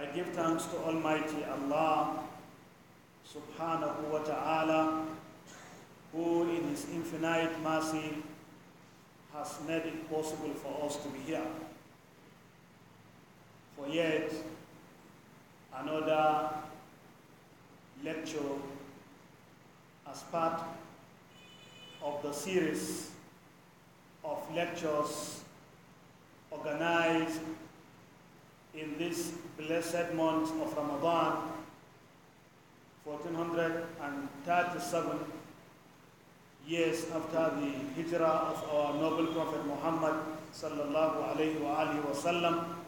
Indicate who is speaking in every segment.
Speaker 1: I give thanks to Almighty Allah subhanahu wa ta'ala who in his infinite mercy has made it possible for us to be here. For yet another lecture as part of the series of lectures organized in this blessed month of Ramadan 1437 years after the hijrah of our noble prophet Muhammad sallallahu alaihi wasallam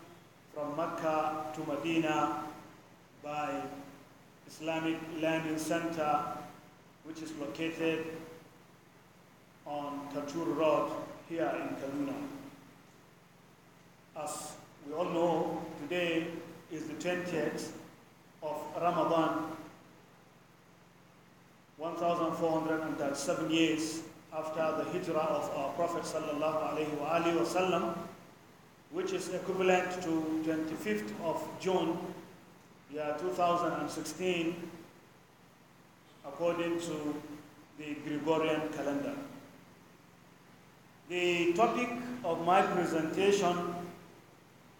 Speaker 1: from Mecca to Medina by Islamic Learning Center which is located on Katur Road here in Kaduna. As we all know today is the 20th of Ramadan, one thousand four hundred and seven years after the hijrah of our Prophet wasallam, which is equivalent to 25th of June, year 2016, according to the Gregorian calendar. The topic of my presentation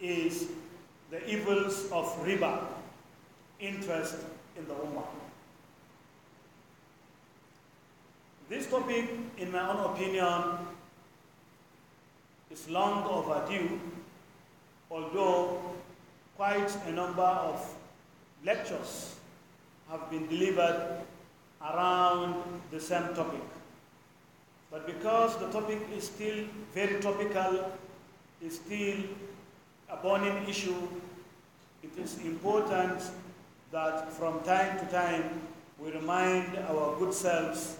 Speaker 1: is the evils of riba, interest in the ummah. This topic, in my own opinion, is long overdue, although quite a number of lectures have been delivered around the same topic. But because the topic is still very topical, is still a burning issue, it is important that from time to time we remind our good selves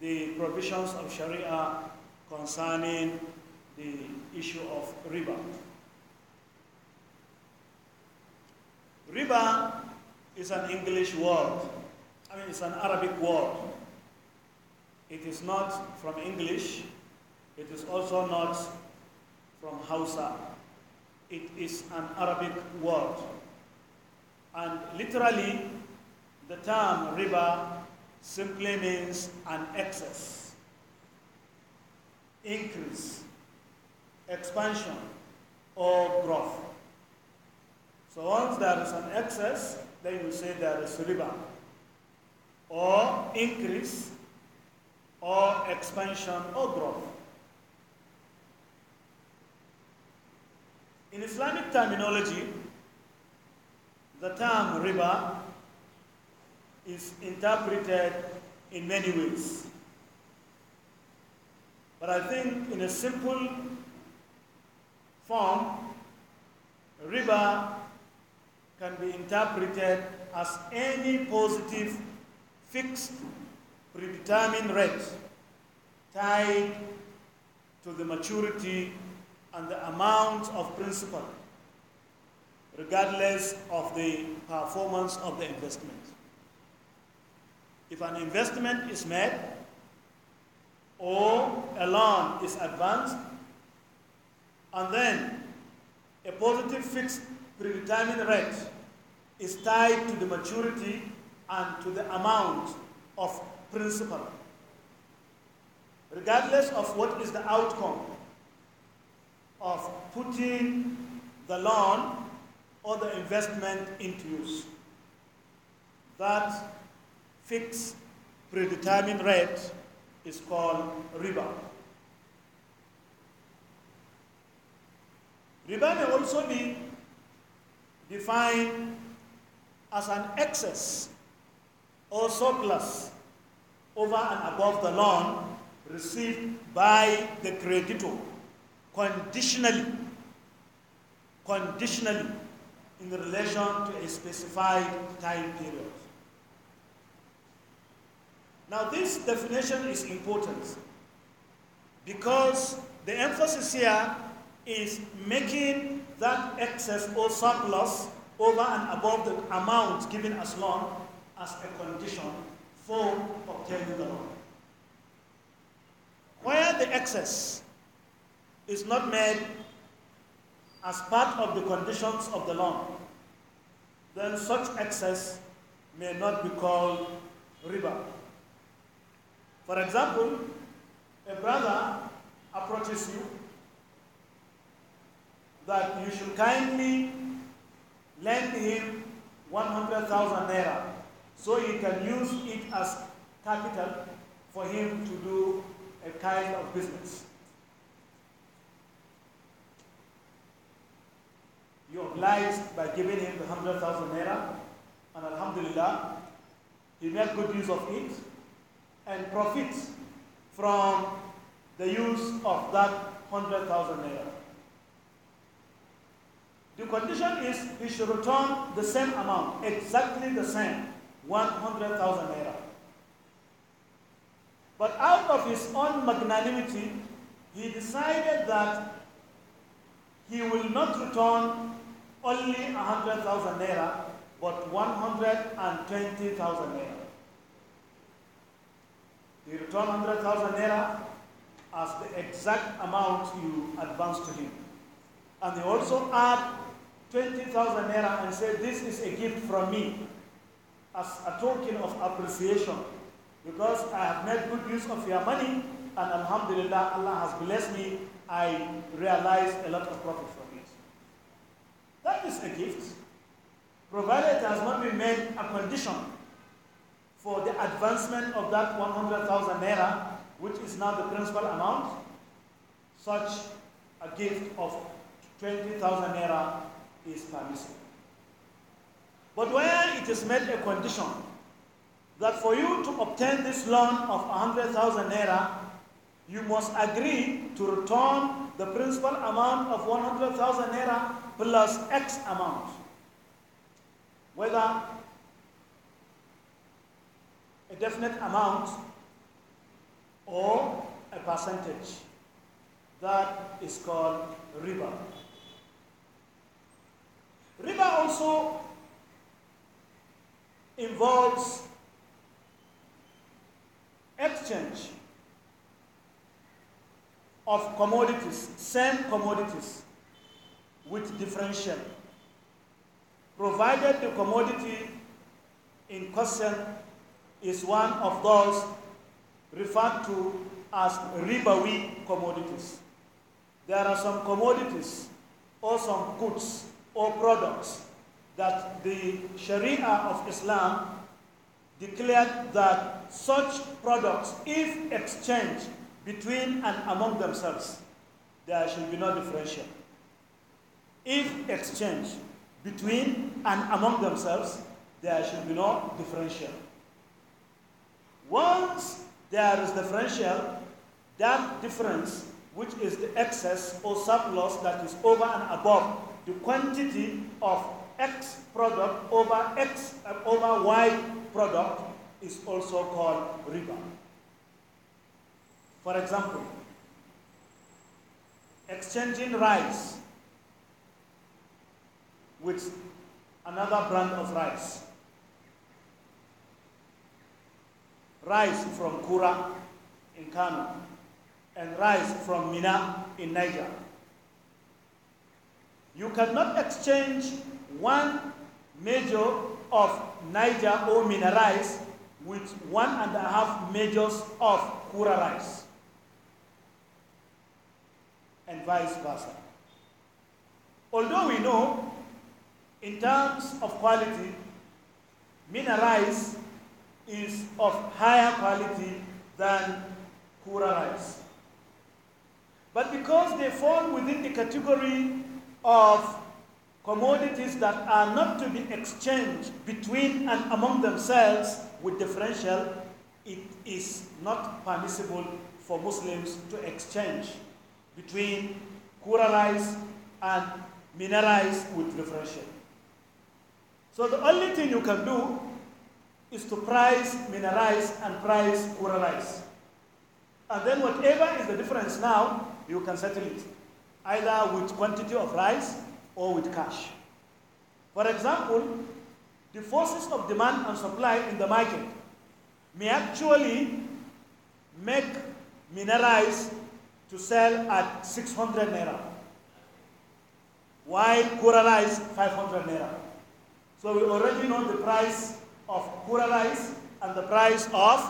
Speaker 1: the provisions of Sharia concerning the issue of riba. Riba is an English word. I mean, it's an Arabic word. It is not from English. It is also not from Hausa. It is an Arabic word. And literally, the term "river" simply means an excess, increase, expansion, or growth. So once there is an excess, then you say there is river, or increase, or expansion, or growth. In Islamic terminology, the term riba is interpreted in many ways. But I think in a simple form, riba can be interpreted as any positive fixed predetermined rate tied to the maturity and the amount of principal, regardless of the performance of the investment. If an investment is made or a loan is advanced, and then a positive fixed predetermined rate is tied to the maturity and to the amount of principal. Regardless of what is the outcome of putting the loan or the investment into use. That fixed predetermined rate is called riba. Riba may also be defined as an excess or surplus over and above the loan received by the creditor conditionally, conditionally in relation to a specified time period. Now, this definition is important because the emphasis here is making that excess or surplus over and above the amount given as loan as a condition for obtaining the loan. Where the excess is not made as part of the conditions of the loan, then such excess may not be called riba. For example, a brother approaches you that you should kindly lend him 100,000 naira so he can use it as capital for him to do a kind of business. you obliged by giving him the 100,000 naira, and alhamdulillah, he made good use of it and profits from the use of that 100,000 naira. The condition is he should return the same amount, exactly the same, 100,000 naira. But out of his own magnanimity, he decided that he will not return only 100,000 naira, but 120,000 naira. You return 100,000 naira as the exact amount you advance to him. And they also add 20,000 naira and say, This is a gift from me as a token of appreciation because I have made good use of your money and Alhamdulillah, Allah has blessed me. I realized a lot of profit from it. That is a gift, provided it has not been made a condition for the advancement of that 100,000 naira, which is now the principal amount. Such a gift of 20,000 naira is permissible. But where it is made a condition that for you to obtain this loan of 100,000 naira, you must agree to return the principal amount of 100,000 naira plus X amount. Whether a definite amount or a percentage. That is called riba. Riba also involves exchange of commodities, same commodities with differential, provided the commodity in question is one of those referred to as ribawi commodities. There are some commodities or some goods or products that the Sharia of Islam declared that such products, if exchanged between and among themselves, there should be no differential if exchange between and among themselves, there should be no differential. Once there is differential, that difference, which is the excess or surplus that is over and above the quantity of X product over X uh, over Y product, is also called riba. For example, exchanging rice with another brand of rice. Rice from Kura in Kano and rice from Mina in Niger. You cannot exchange one major of Niger or Mina rice with one and a half majors of Kura rice and vice versa. Although we know in terms of quality, Mina rice is of higher quality than Kura rice. But because they fall within the category of commodities that are not to be exchanged between and among themselves with differential, it is not permissible for Muslims to exchange between Kura rice and Mina rice with differential. So the only thing you can do is to price mineralize and price pluralize. And then whatever is the difference now, you can settle it, either with quantity of rice or with cash. For example, the forces of demand and supply in the market may actually make mineralize to sell at 600 naira, while coralize 500 naira. So we already know the price of pura rice and the price of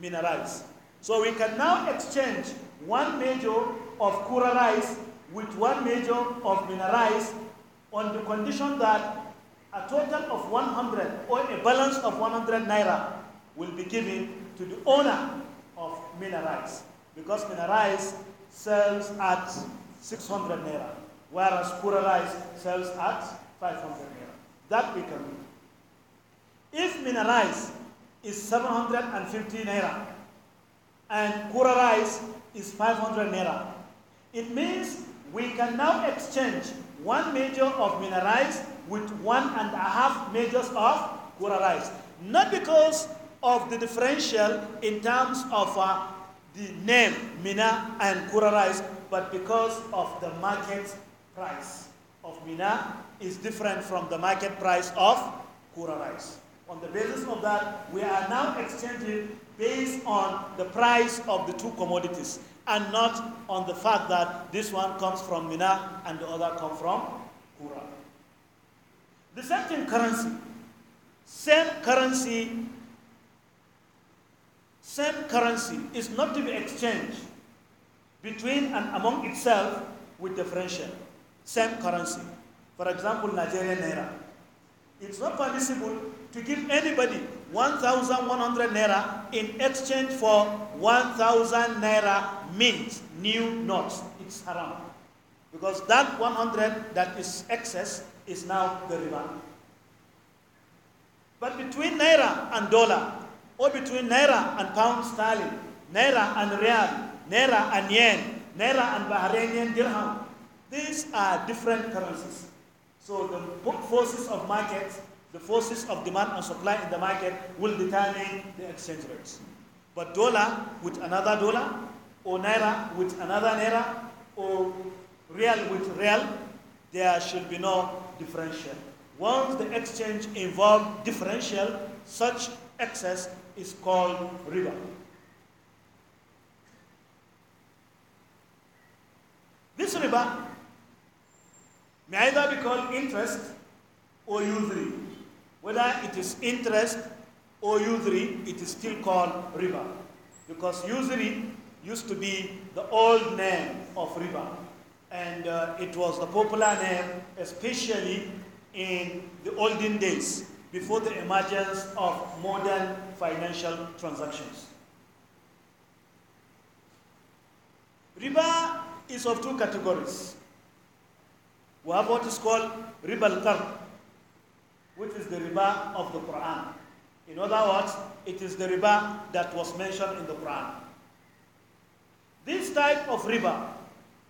Speaker 1: mina rice. So we can now exchange one measure of kura rice with one measure of mina rice on the condition that a total of 100 or a balance of 100 naira will be given to the owner of mina rice because mina rice sells at 600 naira whereas kura rice sells at 500 naira. That we can do. If mina rice is 750 naira and kura rice is 500 naira, it means we can now exchange one major of mina rice with one and a half majors of kura rice. Not because of the differential in terms of uh, the name mina and kura rice, but because of the market price of mina is different from the market price of kura rice. On the basis of that, we are now exchanging based on the price of the two commodities and not on the fact that this one comes from Mina and the other comes from Kura. The second currency, same currency, same currency is not to be exchanged between and among itself with differential. Same currency. For example, Nigerian Naira. It's not permissible to give anybody 1,100 Naira in exchange for 1,000 Naira mint, new notes. It's haram. Because that 100 that is excess is now the riba. But between Naira and dollar, or between Naira and pound sterling, Naira and real, Naira and yen, Naira and Bahrainian dirham, these are different currencies. So the forces of market, the forces of demand and supply in the market will determine the exchange rates. But dollar with another dollar, or naira with another naira, or real with real, there should be no differential. Once the exchange involves differential, such excess is called riba. This riba Neither either be called interest or usury. Whether it is interest or usury, it is still called riba. Because usury used to be the old name of riba. And uh, it was the popular name, especially in the olden days, before the emergence of modern financial transactions. Riba is of two categories we have what is called riba al which is the riba of the Quran. In other words, it is the riba that was mentioned in the Quran. This type of riba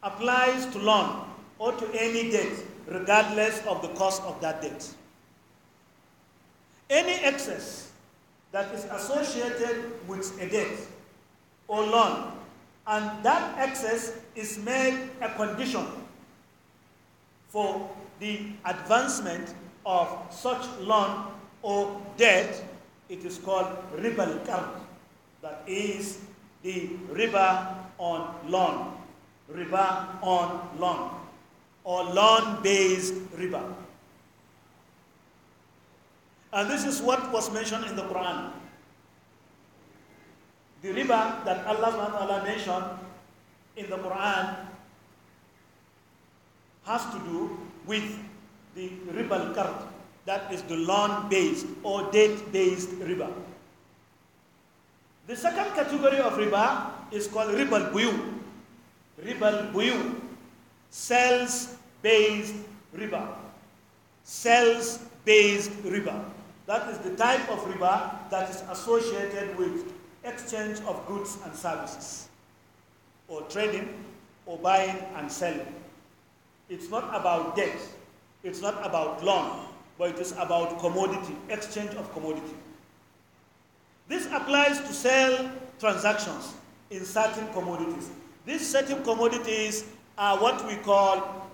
Speaker 1: applies to loan or to any debt, regardless of the cost of that debt. Any excess that is associated with a debt or loan, and that excess is made a condition for the advancement of such loan or debt, it is called riba al That is the riba on loan, riba on loan, or loan-based riba. And this is what was mentioned in the Quran. The riba that Allah mentioned in the Quran has to do with the ribal al-qard, is the loan-based or date based riba. The second category of riba is called ribal buyu Riba buyu sales-based riba. Sales-based riba. That is the type of riba that is associated with exchange of goods and services, or trading, or buying and selling. It's not about debt, it's not about loan, but it is about commodity, exchange of commodity. This applies to sale transactions in certain commodities. These certain commodities are what we call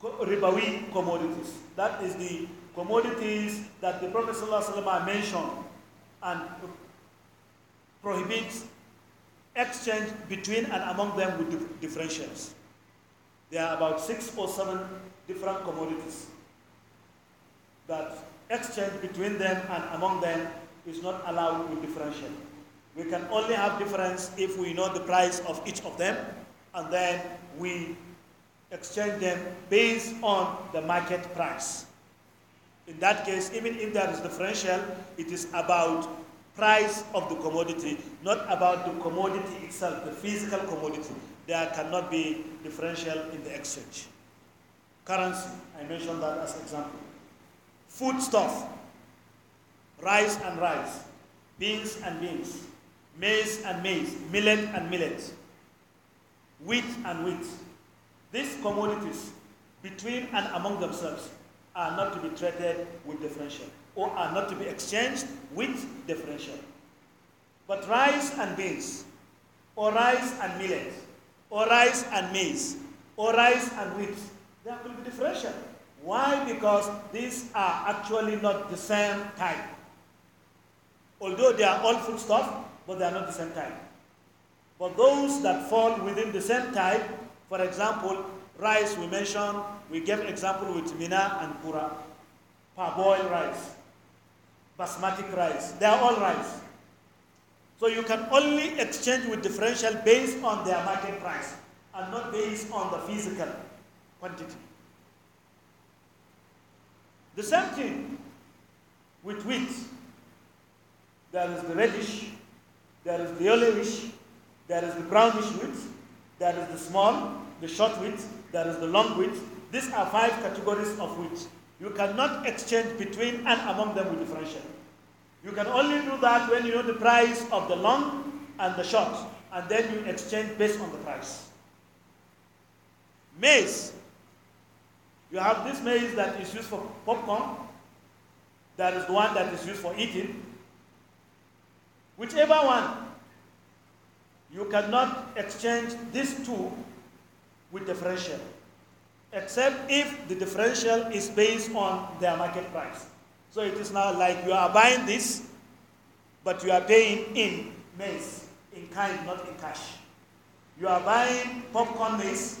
Speaker 1: ribawi commodities. That is the commodities that the Prophet ﷺ mentioned and prohibits exchange between and among them with differentials. There are about six or seven different commodities that exchange between them and among them is not allowed to differentiate. We can only have difference if we know the price of each of them and then we exchange them based on the market price. In that case, even if there is differential, it is about price of the commodity, not about the commodity itself, the physical commodity there cannot be differential in the exchange. Currency, I mentioned that as example. Foodstuff, rice and rice, beans and beans, maize and maize, millet and millet, wheat and wheat. These commodities between and among themselves are not to be treated with differential or are not to be exchanged with differential. But rice and beans or rice and millet or rice and maize, or rice and wheat. There will be differential. Why? Because these are actually not the same type. Although they are all food stuff, but they are not the same type. But those that fall within the same type, for example, rice we mentioned, we gave example with Mina and Kura, parboiled rice, basmati rice, they are all rice. So you can only exchange with differential based on their market price and not based on the physical quantity. The same thing with wheat. There is the reddish, there is the yellowish, there is the brownish wheat, there is the small, the short wheat, there is the long wheat. These are five categories of wheat. You cannot exchange between and among them with differential. You can only do that when you know the price of the long and the short, and then you exchange based on the price. Maize. You have this maize that is used for popcorn, that is the one that is used for eating. Whichever one, you cannot exchange these two with differential, except if the differential is based on their market price. So it is now like you are buying this, but you are paying in maize, in kind, not in cash. You are buying popcorn maize,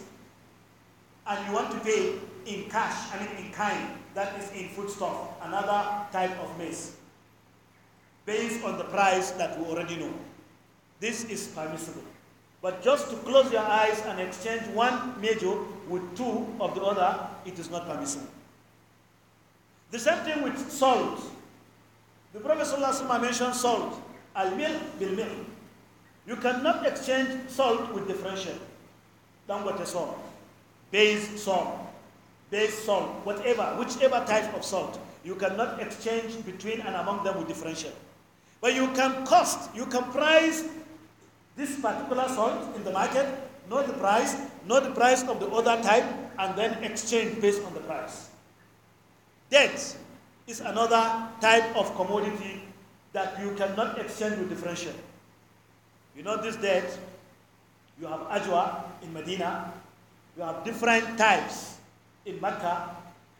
Speaker 1: and you want to pay in cash, I mean in kind, that is in foodstuff, another type of maize, based on the price that we already know. This is permissible. But just to close your eyes and exchange one major with two of the other, it is not permissible. The same thing with salt. The Prophet ﷺ mentioned salt. Al-mil bil-mil. You cannot exchange salt with differential. Dangote salt, base salt, base salt, whatever, whichever type of salt. You cannot exchange between and among them with differential. But you can cost, you can price this particular salt in the market, know the price, know the price of the other type, and then exchange based on the price. Debt is another type of commodity that you cannot exchange with differential. You know this debt, you have ajwa in Medina, you have different types in Mecca,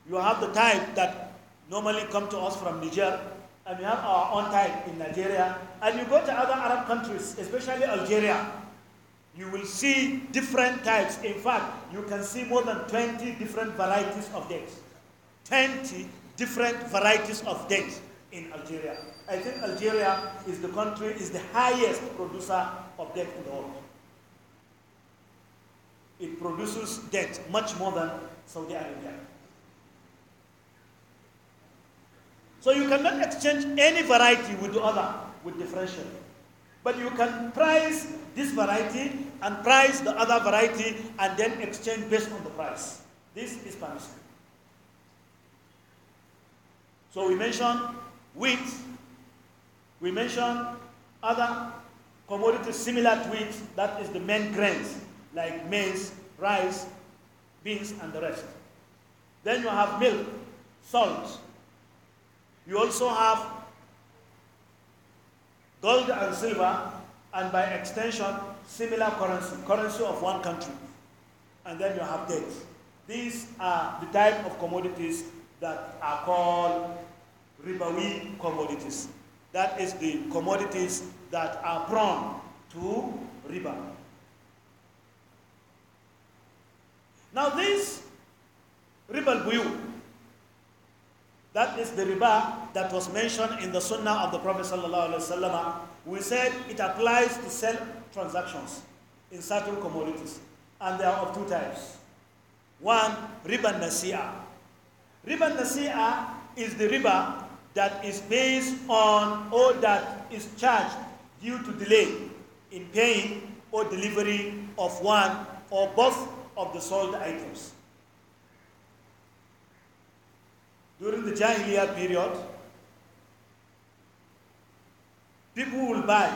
Speaker 1: you have the type that normally come to us from Niger, and we have our own type in Nigeria. And you go to other Arab countries, especially Algeria, you will see different types. In fact, you can see more than 20 different varieties of dates. 20 different varieties of dates in Algeria. I think Algeria is the country, is the highest producer of date in the world. It produces date much more than Saudi Arabia. So you cannot exchange any variety with the other with differential. But you can price this variety and price the other variety and then exchange based on the price. This is permissible. So we mention wheat, we mention other commodities similar to wheat, that is the main grains, like maize, rice, beans, and the rest. Then you have milk, salt. You also have gold and silver, and by extension, similar currency, currency of one country. And then you have debt. These are the type of commodities that are called ribawi commodities. That is the commodities that are prone to riba. Now this riba buyu, that is the riba that was mentioned in the sunnah of the Prophet sallallahu alaihi wasallam. We said it applies to sell transactions in certain commodities, and they are of two types. One, riba nasi'a. Riba nasi'a is the riba that is based on all that is charged due to delay in paying or delivery of one or both of the sold items. During the Jahiliyyah period, people will buy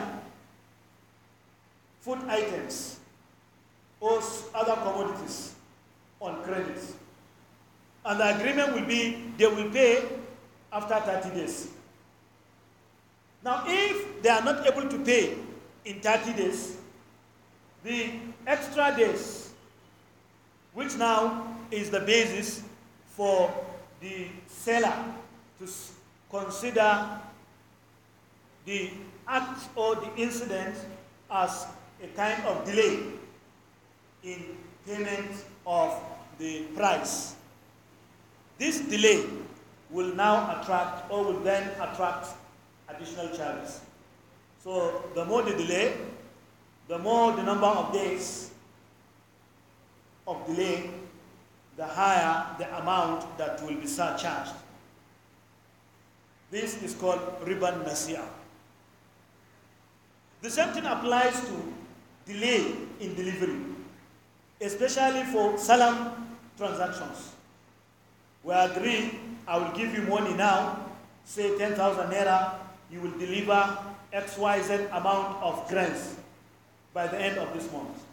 Speaker 1: food items or other commodities on credit. And the agreement will be they will pay after 30 days. Now, if they are not able to pay in 30 days, the extra days, which now is the basis for the seller to consider the act or the incident as a kind of delay in payment of the price. This delay will now attract or will then attract additional charges. So the more the delay, the more the number of days of delay, the higher the amount that will be surcharged. This is called riban nasiya. The same thing applies to delay in delivery, especially for salam transactions. We agree I will give you money now, say 10,000 naira, you will deliver XYZ amount of grants by the end of this month.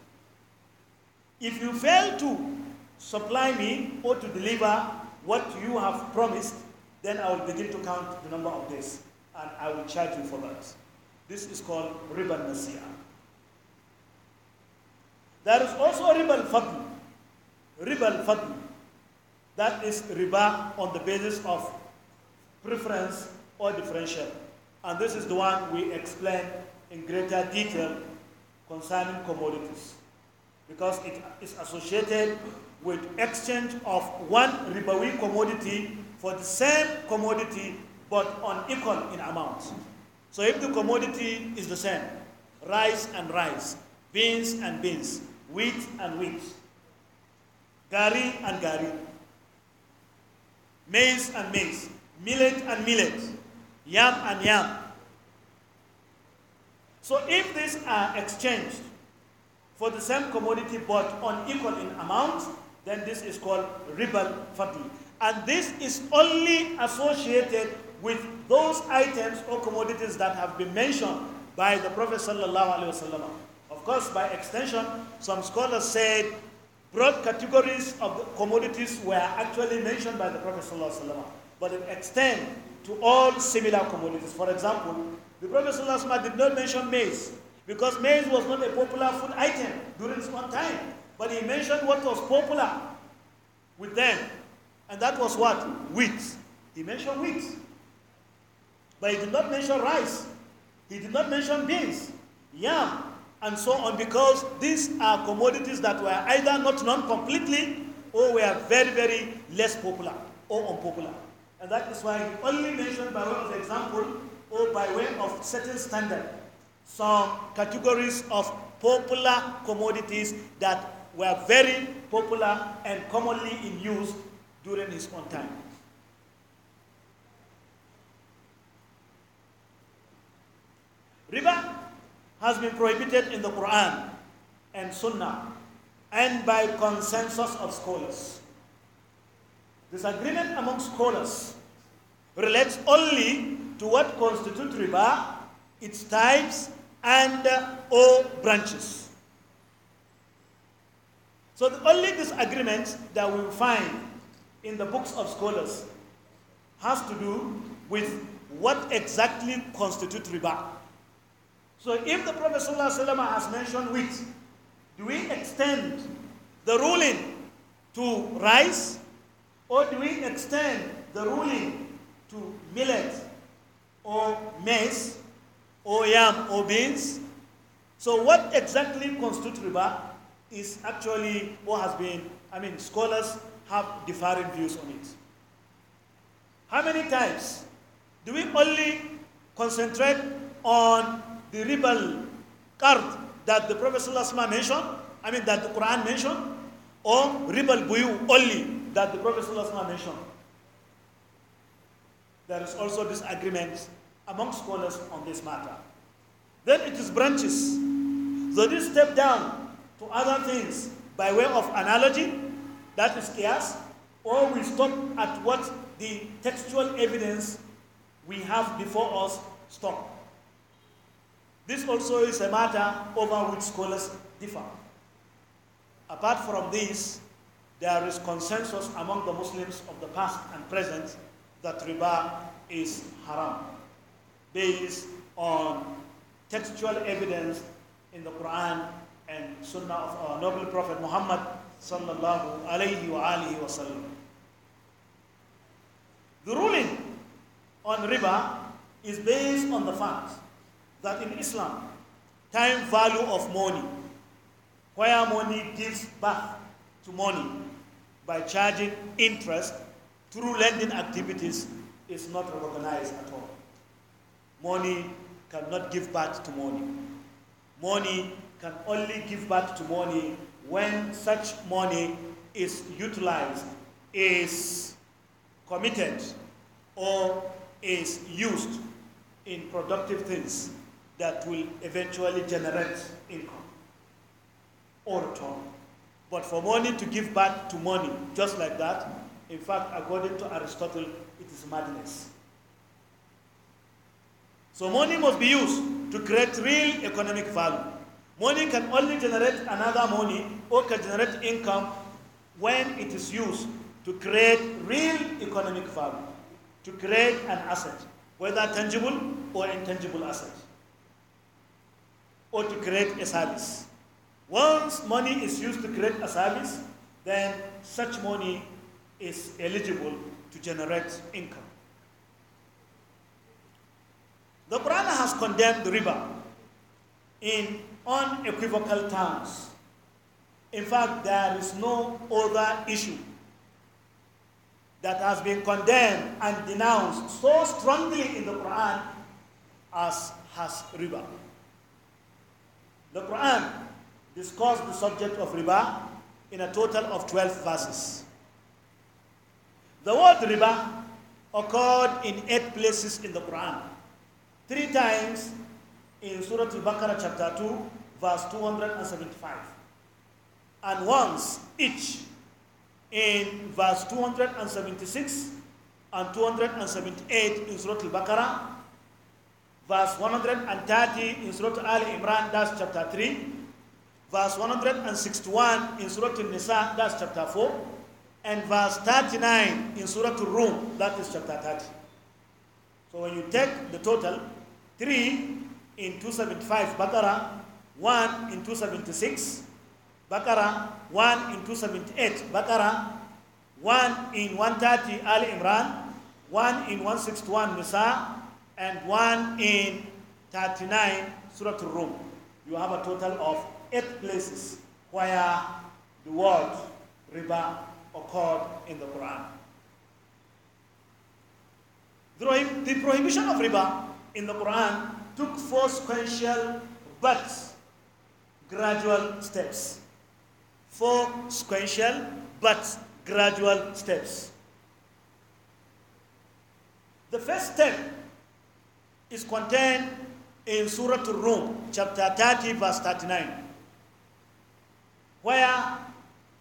Speaker 1: If you fail to supply me or to deliver what you have promised, then I will begin to count the number of days and I will charge you for that. This is called riba nasiya. There is also riba al-fadl. Riba al-fadl. That is riba on the basis of preference or differential. And this is the one we explain in greater detail concerning commodities because it is associated with exchange of one ribawi commodity for the same commodity but unequal in amount. So if the commodity is the same, rice and rice, beans and beans, wheat and wheat, gari and gari, maize and maize, millet and millet, yam and yam. So if these are exchanged for the same commodity but unequal in amount, then this is called ribal fadl. And this is only associated with those items or commodities that have been mentioned by the Prophet sallallahu alaihi wasallam. Of course, by extension, some scholars said broad categories of commodities were actually mentioned by the Prophet ﷺ, but it extends to all similar commodities. For example, the Prophet ﷺ did not mention maize because maize was not a popular food item during his own time, but he mentioned what was popular with them, and that was what? Wheat. He mentioned wheat. But he did not mention rice. He did not mention beans, yam, and so on because these are commodities that were either not known completely or were very, very less popular or unpopular. And that is why he only mentioned by way of example or by way of certain standard some categories of popular commodities that were very popular and commonly in use during his own time. River has been prohibited in the Quran and Sunnah and by consensus of scholars. Disagreement among scholars relates only to what constitutes riba, its types, and uh, or branches. So the only disagreement that we find in the books of scholars has to do with what exactly constitutes riba. So if the Prophet ﷺ has mentioned wheat, do we extend the ruling to rice or do we extend the ruling to millet or maize or yam or beans? So what exactly constitutes riba is actually what has been, I mean, scholars have differing views on it. How many times do we only concentrate on the rebel cart that the Prophet ﷺ mentioned, I mean that the Quran mentioned, or rebel buyu only that the Prophet ﷺ mentioned. There is also disagreement among scholars on this matter. Then it is branches. So this step down to other things by way of analogy, that is chaos, or we stop at what the textual evidence we have before us stop. This also is a matter over which scholars differ. Apart from this, there is consensus among the Muslims of the past and present that riba is haram based on textual evidence in the Quran and Sunnah of our noble Prophet Muhammad sallallahu alayhi wa wasallam. The ruling on riba is based on the fact that in Islam, time value of money, where money gives birth to money by charging interest through lending activities is not recognized at all. Money cannot give birth to money. Money can only give birth to money when such money is utilized, is committed, or is used in productive things that will eventually generate income or return. But for money to give back to money, just like that, in fact, according to Aristotle, it is madness. So money must be used to create real economic value. Money can only generate another money or can generate income when it is used to create real economic value, to create an asset, whether tangible or intangible asset or to create a service. Once money is used to create a service, then such money is eligible to generate income. The Quran has condemned riba in unequivocal terms. In fact, there is no other issue that has been condemned and denounced so strongly in the Quran as has riba. The Quran discussed the subject of riba in a total of 12 verses. The word riba occurred in eight places in the Quran. Three times in Surah Al-Baqarah chapter 2, verse 275. And once each in verse 276 and 278 in Surah Al-Baqarah verse 130 in Surah Al Imran, that's chapter 3. Verse 161 in Surah Al Nisa, that's chapter 4. And verse 39 in Surah Al Rum, that is chapter 30. So when you take the total, 3 in 275 Baqarah, 1 in 276 Baqarah, 1 in 278 Baqarah, 1 in 130 Al Imran, 1 in 161 Nisa, and one in 39 Surah Rum. You have a total of eight places where the word riba occurred in the Quran. The prohibition of riba in the Quran took four sequential but gradual steps. Four sequential but gradual steps. The first step is contained in Surah Al-Rum, chapter 30, verse 39, where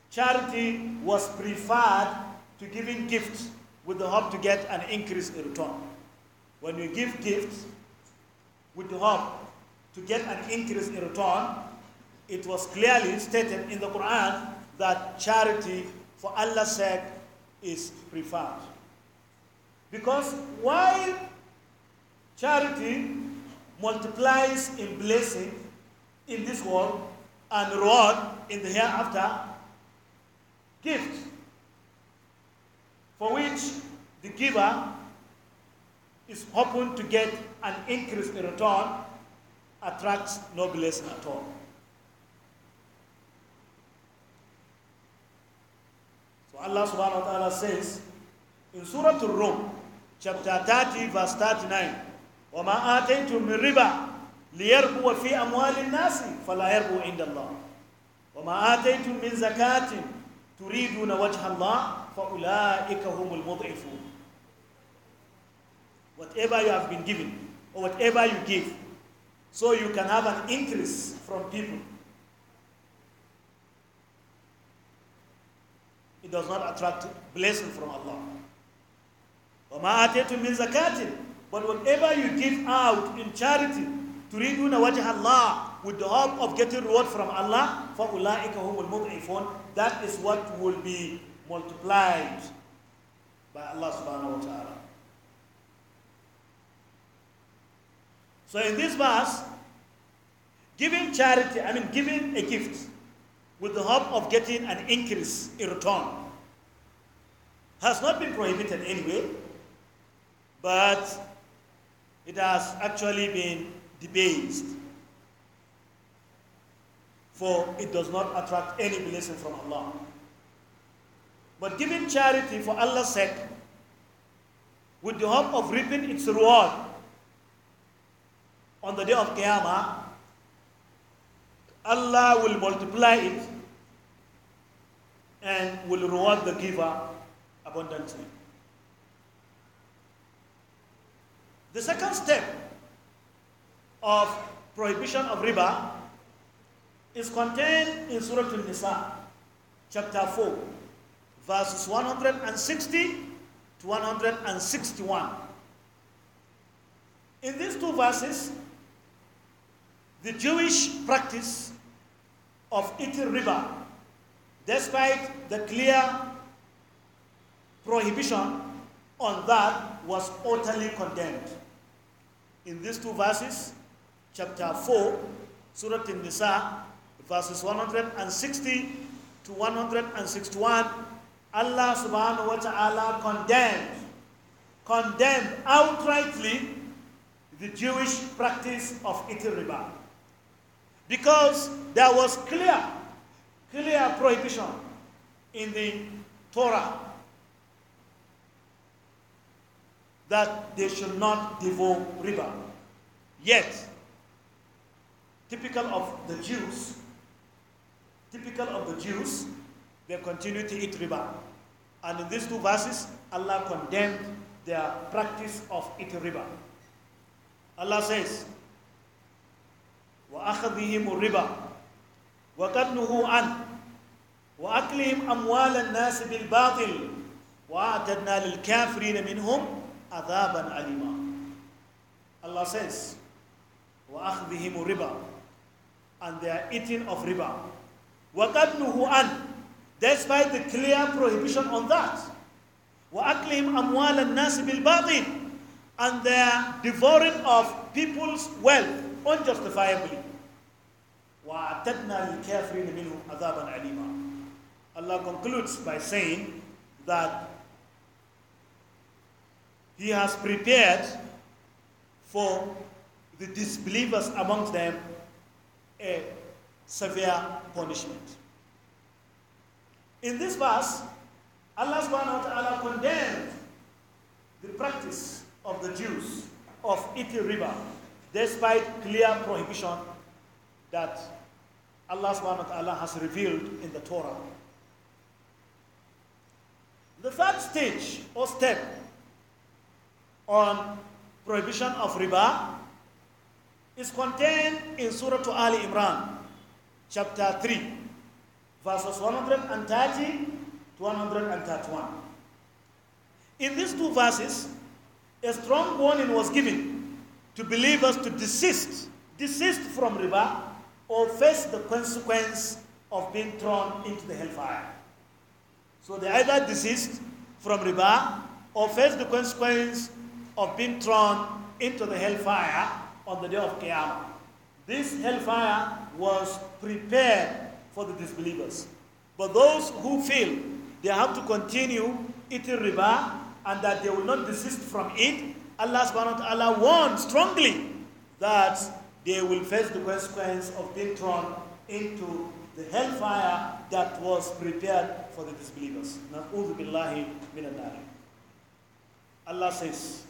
Speaker 1: charity was preferred to giving gifts with the hope to get an increase in return. When you give gifts with the hope to get an increase in return, it was clearly stated in the Quran that charity for Allah's sake is preferred. Because while Charity multiplies in blessing in this world and reward in the hereafter. Gift, for which the giver is hoping to get an increase in return, attracts no blessing at all. So Allah subhanahu wa ta'ala says in Surah Al-Rum, chapter 30, verse 39. وما آتيتم من ربا ليربو في أموال الناس فلا يربو عند الله وما آتيتم من زكاة تريدون وجه الله فأولئك هم المضعفون whatever you have been given or whatever you give so you can have an interest from people it does not attract blessing from Allah وما آتيتم من زكاة But whatever you give out in charity, to turiduna wajah Allah with the hope of getting reward from Allah, فَأُولَٰئِكَ هُمُ الْمُضْعِفُونَ That is what will be multiplied by Allah subhanahu wa ta'ala. So in this verse, giving charity, I mean giving a gift with the hope of getting an increase in return has not been prohibited anyway, but it has actually been debased. For it does not attract any blessing from Allah. But giving charity for Allah's sake, with the hope of reaping its reward on the day of Qiyamah, Allah will multiply it and will reward the giver abundantly. The second step of prohibition of riba is contained in Surah Al-Nisa, chapter 4, verses 160 to 161. In these two verses, the Jewish practice of eating riba, despite the clear prohibition on that, was utterly condemned in these two verses, chapter 4, Surah In nisa verses 160 to 161, Allah subhanahu wa ta'ala condemned, condemned outrightly the Jewish practice of eating riba. Because there was clear, clear prohibition in the Torah that they should not devour riba. Yet, typical of the Jews, typical of the Jews, they continue to eat riba. And in these two verses, Allah condemned their practice of eating riba. Allah says, وأخذهم الربا وقد عنه وأكلهم أموال الناس بالباطل وأعتدنا للكافرين منهم adaban alima. Allah says, وَأَخْذِهِمُ riba, And they are eating of riba. وَقَبْلُهُ أَنْ Despite the clear prohibition on that. وَأَكْلِهِمْ أَمْوَالَ النَّاسِ bilba'di, And they are devouring of people's wealth unjustifiably. وَأَعْتَدْنَا لِلْكَافِرِينَ مِنْهُمْ عَذَابًا عَلِيمًا Allah concludes by saying that he has prepared for the disbelievers amongst them a severe punishment. In this verse, Allah subhanahu wa ta'ala condemned the practice of the Jews of eating riba, despite clear prohibition that Allah subhanahu wa ta'ala has revealed in the Torah. The third stage or step on prohibition of riba is contained in Surah Al Imran, chapter 3, verses 130 to 131. In these two verses, a strong warning was given to believers to desist, desist from riba or face the consequence of being thrown into the hellfire. So they either desist from riba or face the consequence of being thrown into the hellfire on the day of Qiyamah. This hellfire was prepared for the disbelievers. But those who fail, they have to continue eating riba and that they will not desist from it. Allah subhanahu wa ta'ala warned strongly that they will face the consequence of being thrown into the hellfire that was prepared for the disbelievers. Allah says,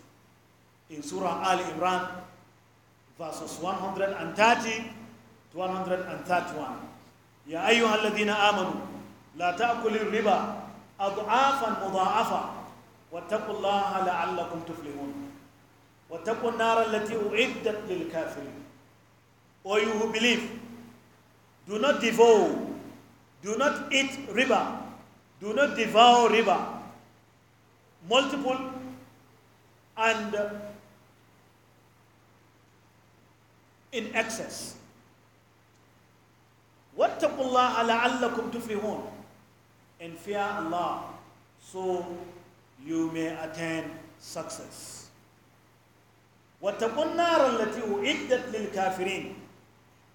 Speaker 1: in Surah Al Imran, verses 130 to 131. يا أيها الذين آمنوا لا تأكلوا الربا أضعافا مضاعفة واتقوا الله لعلكم تفلحون واتقوا النار التي أعدت للكافرين Or you who believe, do not devour, do not eat riba, do not devour riba. Multiple and in excess. وَاتَّقُوا اللَّهَ لَعَلَّكُمْ تُفْلِحُونَ And fear Allah so you may attain success. وَاتَّقُوا النَّارَ الَّتِي أُعِدَّتْ لِلْكَافِرِينَ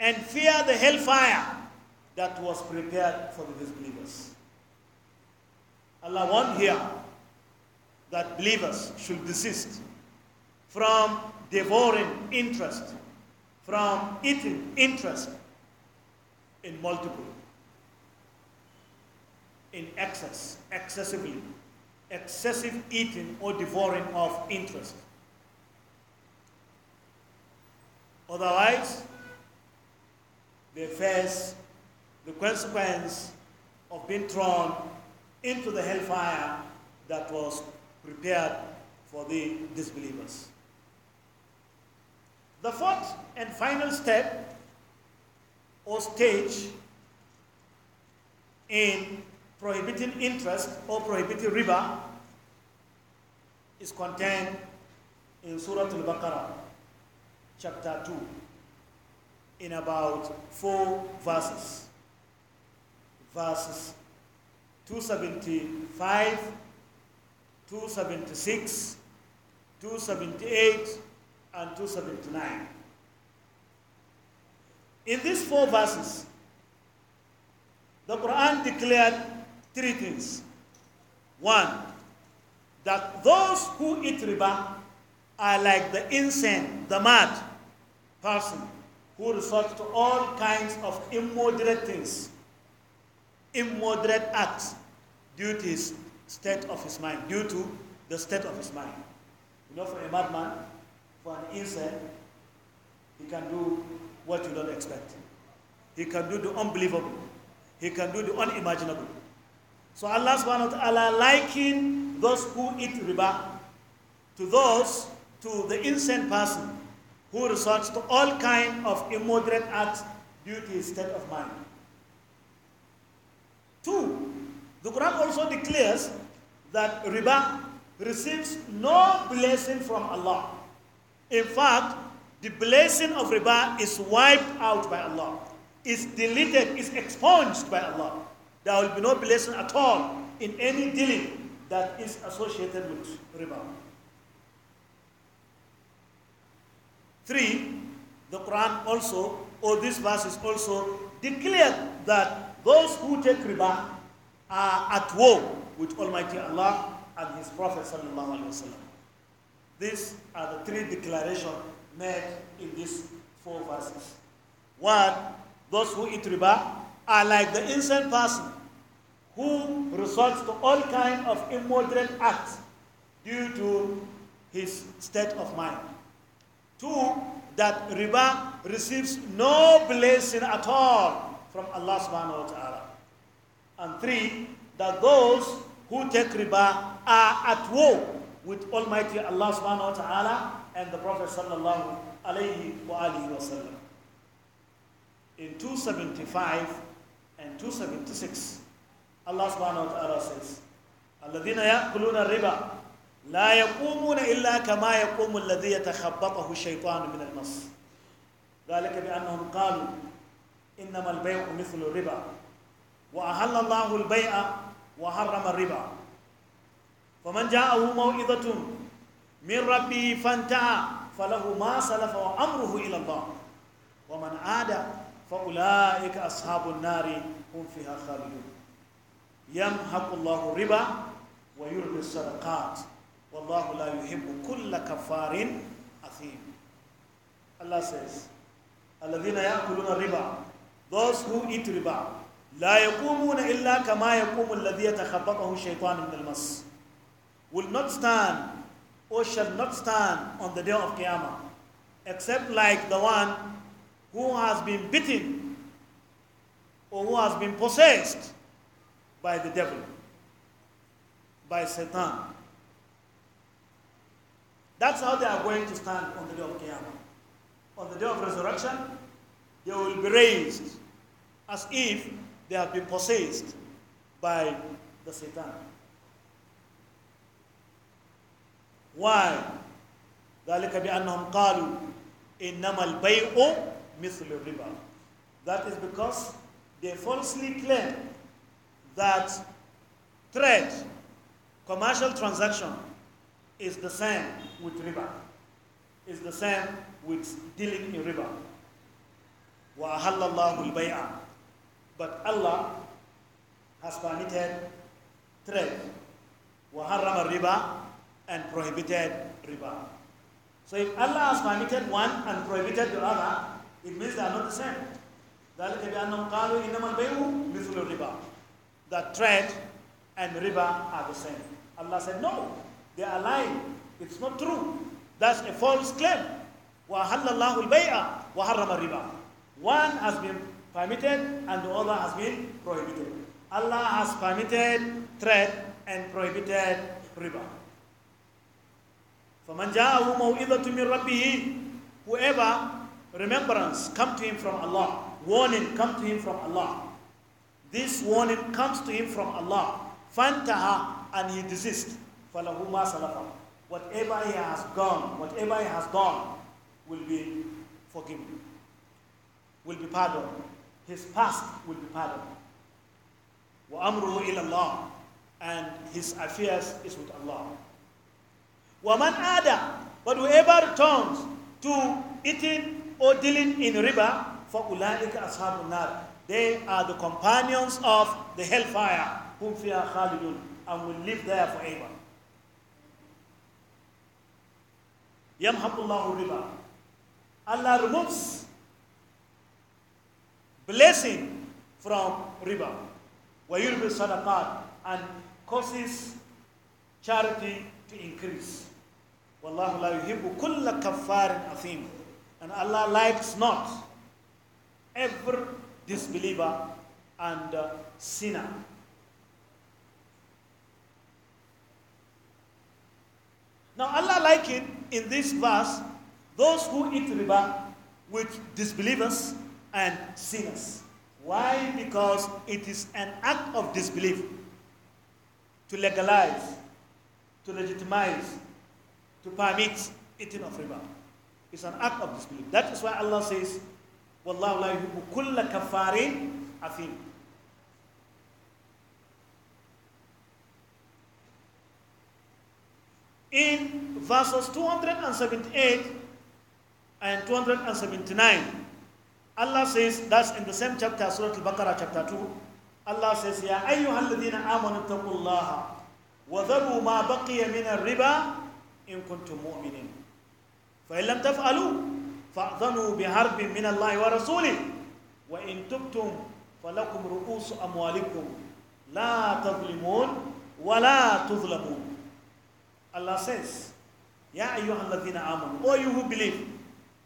Speaker 1: And fear the hellfire that was prepared for the disbelievers. Allah wants here that believers should desist from devouring interest from interest in multiple, in excess, excessively, excessive eating or devouring of interest. Otherwise, they face the consequence of being thrown into the hellfire that was prepared for the disbelievers. The fourth and final step or stage in prohibiting interest or prohibiting riba is contained in Surah Al-Baqarah chapter 2 in about four verses. Verses 275, 276, 278, and 279. In these four verses, the Quran declared three things. One, that those who eat riba are like the insane, the mad person who resorts to all kinds of immoderate things, immoderate acts due to his state of his mind, due to the state of his mind. You know, for a madman, for an insect, he can do what you don't expect. He can do the unbelievable. He can do the unimaginable. So Allah subhanahu wa ta'ala likened those who eat riba to those, to the insane person who resorts to all kind of immoderate acts due to his state of mind. Two, the Quran also declares that riba receives no blessing from Allah. In fact, the blessing of riba is wiped out by Allah, is deleted, is expunged by Allah. There will be no blessing at all in any dealing that is associated with riba. Three, the Quran also, or this verse is also declared that those who take riba are at war with Almighty Allah and His Prophet. Sallallahu Alaihi Wasallam. These are the three declarations made in these four verses. One, those who eat riba are like the insane person who resorts to all kinds of immoderate acts due to his state of mind. Two, that riba receives no blessing at all from Allah subhanahu wa ta'ala. And three, that those who take riba are at war with Almighty Allah subhanahu wa ta'ala and the Prophet sallallahu alayhi wa alihi wa sallam. In 275 and 276, Allah subhanahu wa ta'ala says, الَّذِينَ يَأْكُلُونَ الرِّبَى لا يقومون إلا كما يقوم الذي يتخبطه الشيطان من المص ذلك بأنهم قالوا إنما البيع مثل الربا وأهل الله البيع وحرم الربا wa man ja'ahu maw'izatun min rabbi fantaha falahu ma salafa wa amruhu ila Allah wa man ada fa ulaika ashabun nari hum fiha khalidun yamhaqu Allahu riba wa yurbi sadaqat wallahu la yuhibbu kulla kafarin athim Allah says alladhina ya'kuluna riba those who eat riba لا يقومون إلا كما يقوم الذي يتخبطه الشيطان من المس will not stand or shall not stand on the day of Qiyamah, except like the one who has been bitten or who has been possessed by the devil, by Satan. That's how they are going to stand on the day of Qiyamah. On the day of resurrection, they will be raised as if they have been possessed by the Satan. why ذلك بأنهم قالوا إنما البيع مثل الربا that is because they falsely claim that trade commercial transaction is the same with riba is the same with dealing in riba وأحل الله البيع but Allah has permitted trade وحرم الربا and prohibited riba. So if Allah has permitted one and prohibited the other, it means they are not the same. The trade and riba are the same. Allah said, No, they are lying. It's not true. That's a false claim. One has been permitted and the other has been prohibited. Allah has permitted trade and prohibited riba. فَمَنْ جَاءَهُ مَوْئِذَةٌ مِنْ رَبِّهِ Whoever, remembrance, come to him from Allah. Warning, come to him from Allah. This warning comes to him from Allah. Fantaha, and he desists. فَلَهُ مَا Whatever he has done, whatever he has done, will be forgiven, will be pardoned. His past will be pardoned. وَأَمْرُهُ إِلَى اللَّهِ And his affairs is with Allah. Waman ada, but whoever turns to eating or dealing in riba, فَأُولَٰئِكَ أَصْحَابُ النَّارِ They are the companions of the hellfire, whom fear khalidun, and will live there forever. يَمْحَقُ اللَّهُ riba. Allah removes blessing from riba. وَيُرْبِ sadaqat and causes charity to increase. Wallahu la yuhibbu kulla kaffarin athim. And Allah likes not every disbeliever and uh, sinner. Now Allah likened in this verse those who eat riba with disbelievers and sinners. Why? Because it is an act of disbelief to legalize to legitimize, to permit eating of riba. It's an act of disbelief. That is why Allah says, Wallahu la yuhibbu kulla kafarin athim. In verses 278 and 279, Allah says, that's in the same chapter, Surah Al-Baqarah chapter 2, Allah says, Ya ayyuhalladhina amanu taqullaha wa zaru ma baqiya min riba in kuntum mu'minin fa in lam taf'alu fa'dhanu bi harbin min Allah wa rasulihi wa in tubtum falakum ru'usu amwalikum la tadhlimun wa la tudhlamun Allah says ya amanu o you who believe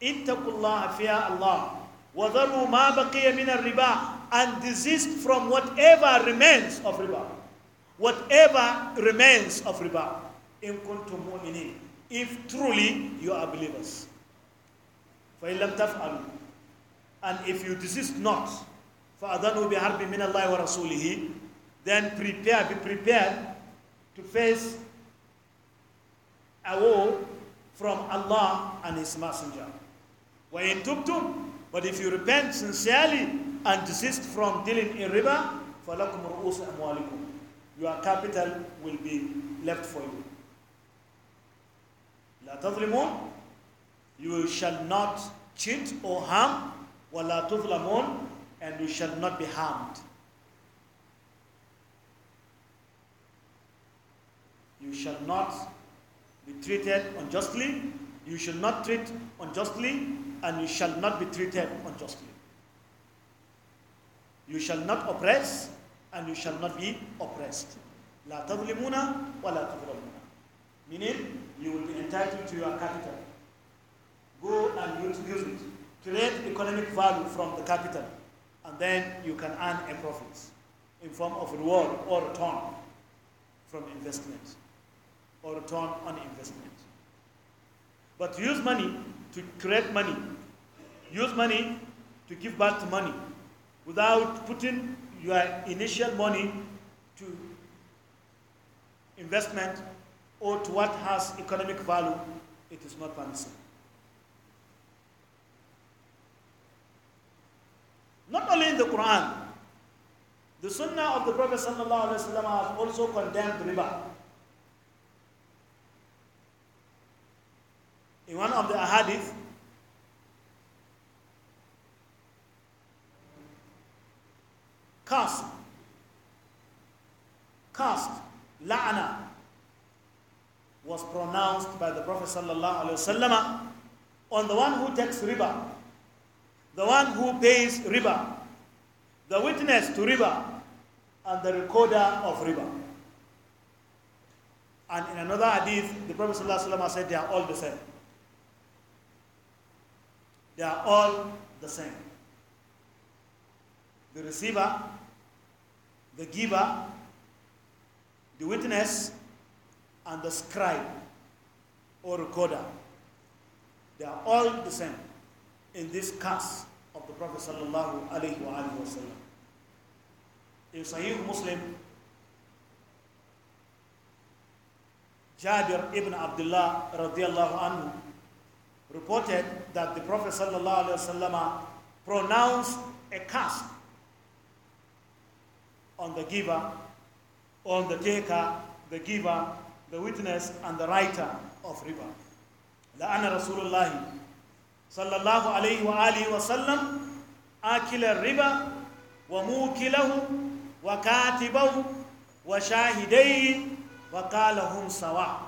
Speaker 1: ittaqullaha fear Allah wa dharu ma baqiya min riba and desist from whatever remains of riba whatever remains of riba in kuntum mu'minin if truly you are believers and if you desist not فأذنوا min Allah wa ورسوله then prepare be prepared to face a war from Allah and his messenger but if you repent sincerely and desist from dealing in riba فلكم your capital will be left for you. لا تظلمون You shall not cheat or harm ولا تظلمون and you shall not be harmed. You shall not be treated unjustly, you shall not treat unjustly, and you shall not be treated unjustly. You shall not oppress, and you shall not be oppressed. La tablimuna, wa la Meaning, you will be entitled to your capital. Go and use it. Create economic value from the capital, and then you can earn a profit in form of reward or return from investment or return on investment. But use money to create money. Use money to give back to money without putting your initial money to investment or to what has economic value, it is not permissible. Not only in the Quran, the Sunnah of the Prophet sallallahu wasallam has also condemned riba. In one of the ahadith, cast, cast, la'ana, was pronounced by the Prophet sallallahu on the one who takes riba, the one who pays riba, the witness to riba, and the recorder of riba. And in another hadith, the Prophet wasallam said they are all the same. They are all the same. The receiver the giver, the witness, and the scribe or recorder. They are all the same in this curse of the Prophet sallallahu alaihi wasallam. In Sahih Muslim, Jabir ibn Abdullah radiallahu anhu reported that the Prophet sallallahu alaihi wasallam pronounced a curse on the giver, on the taker, the giver, the witness, and the writer of riba. لأن رسول الله صلى الله عليه وآله وسلم آكل الربا وموكله وكاتبه وشاهديه وقال سواء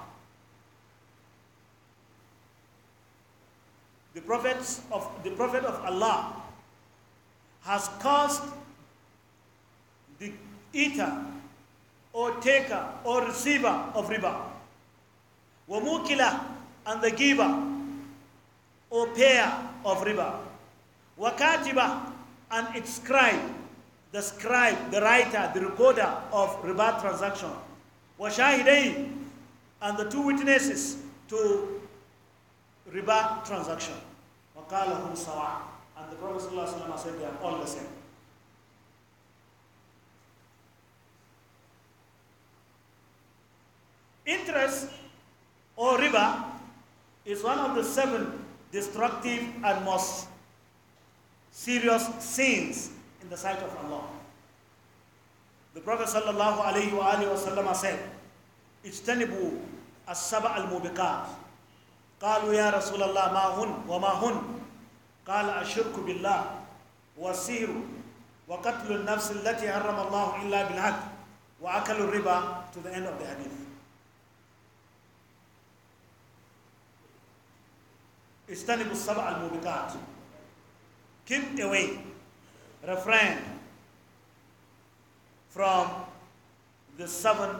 Speaker 1: The prophets of the prophet of Allah has caused the eater or taker or receiver of riba. Wamukila and the giver or payer of riba. Wakatiba and its scribe, the scribe, the writer, the recorder of riba transaction. Washahidei and the two witnesses to riba transaction. وقال هم سواء and the Prophet ﷺ said they are all the same. Interest or riba is one of the seven destructive and most serious sins in the sight of Allah. The Prophet sallallahu alayhi wa said, اجتنبوا السبع الموبقات قالوا يا رسول الله ما هن وما هن قال الشرك بالله والسير وقتل النفس التي حرم الله إلا بالحق وأكل الربا to the end of the hadith. Istanbul Sab al Mubiqat. Keep away, refrain from the seven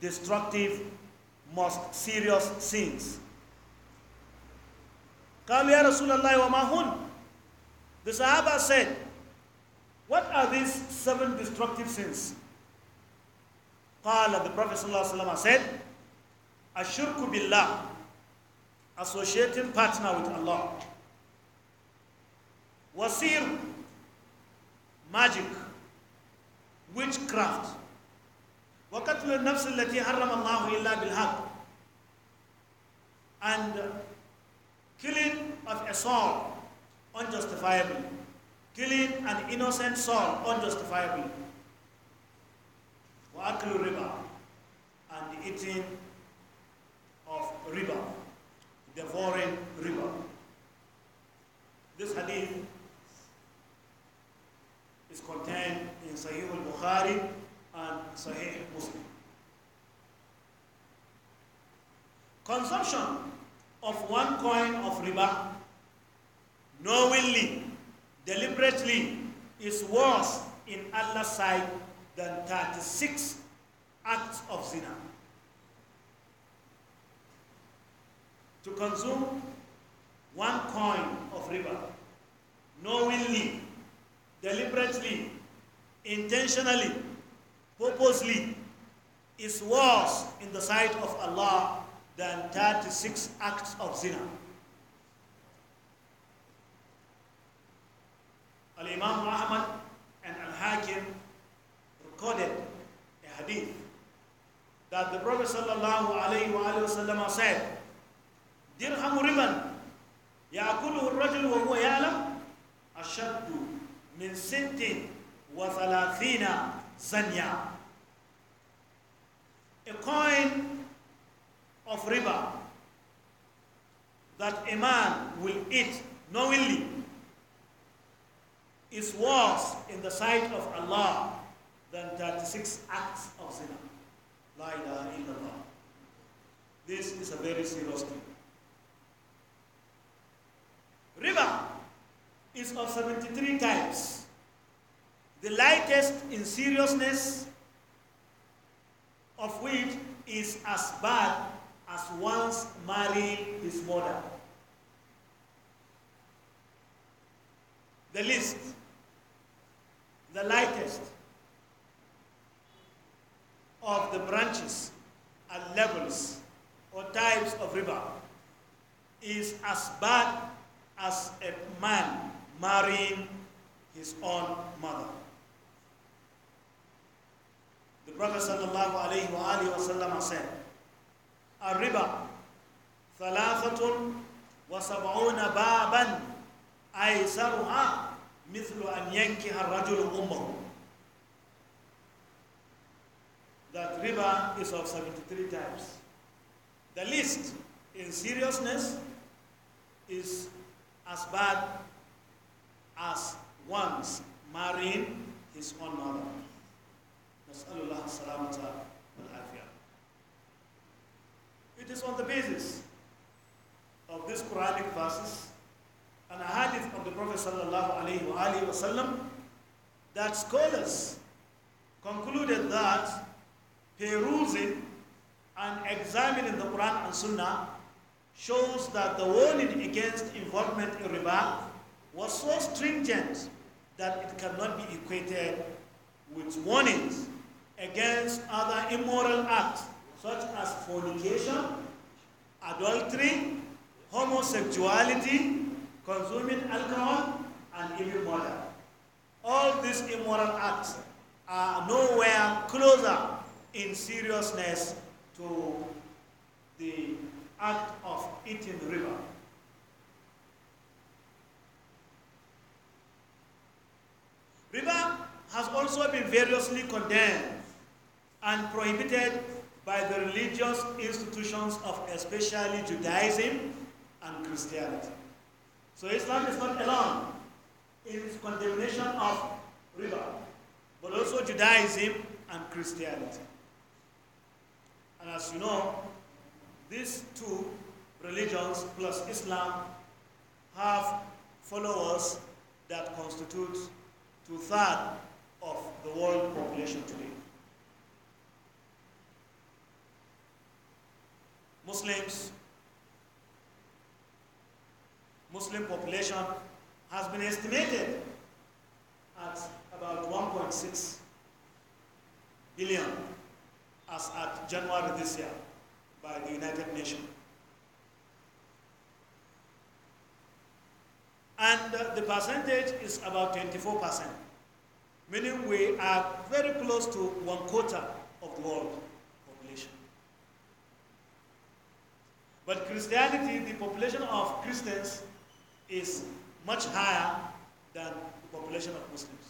Speaker 1: destructive, most serious sins. قال يا رسول الله وما هن The Sahaba said, what are these seven destructive sins? قال the Prophet صلى الله عليه وسلم said, أشرك بالله associating partner with Allah. Wasir, magic, witchcraft. وقتل النفس التي حرم الله إلا بالحق. And killing of a soul unjustifiably. Killing an innocent soul unjustifiably. وأكل riba and the eating of riba the foreign river. This hadith is contained in Sahih al-Bukhari and Sahih Muslim. Consumption of one coin of riba knowingly, deliberately is worse in Allah's sight than 36 acts of zina. to consume one coin of riba knowingly, deliberately, intentionally, purposely is worse in the sight of Allah than 36 acts of zina. Al Imam Ahmad and Al Hakim recorded a hadith that the Prophet sallallahu wasallam said, dirhamu riban ya'kuluhu ar-rajulu wa huwa ya'lam ashaddu min sittin wa thalathina zanya a coin of riba that a man will eat knowingly is worse in the sight of Allah than 36 acts of zina. La ilaha illallah. This is a very serious thing river is of 73 types. The lightest in seriousness of which is as bad as once marrying his mother. The least, the lightest of the branches and levels or types of river is as bad as a man marrying his own mother. The Prophet sallallahu alayhi wa alayhi wa sallam said, الربا ثلاثة وسبعون بابا أيسرها مثل أن ينكح الرجل أمه That riba is of 73 types. The list in seriousness is as bad as once marrying his own mother. It is on the basis of these Quranic verses and a hadith of the Prophet وسلم, that scholars concluded that perusing and examining the Quran and Sunnah shows that the warning against involvement in riba was so stringent that it cannot be equated with warnings against other immoral acts such as fornication, adultery, homosexuality, consuming alcohol, and even murder. All these immoral acts are nowhere closer in seriousness to the act of eating river. River has also been variously condemned and prohibited by the religious institutions of especially Judaism and Christianity. So Islam is not alone in its condemnation of river, but also Judaism and Christianity. And as you know, these two religions plus Islam have followers that constitute two-thirds of the world population today. Muslims, Muslim population has been estimated at about 1.6 billion as at January this year by the United Nations. And uh, the percentage is about 24%, meaning we are very close to one quarter of the world population. But Christianity, the population of Christians is much higher than the population of Muslims.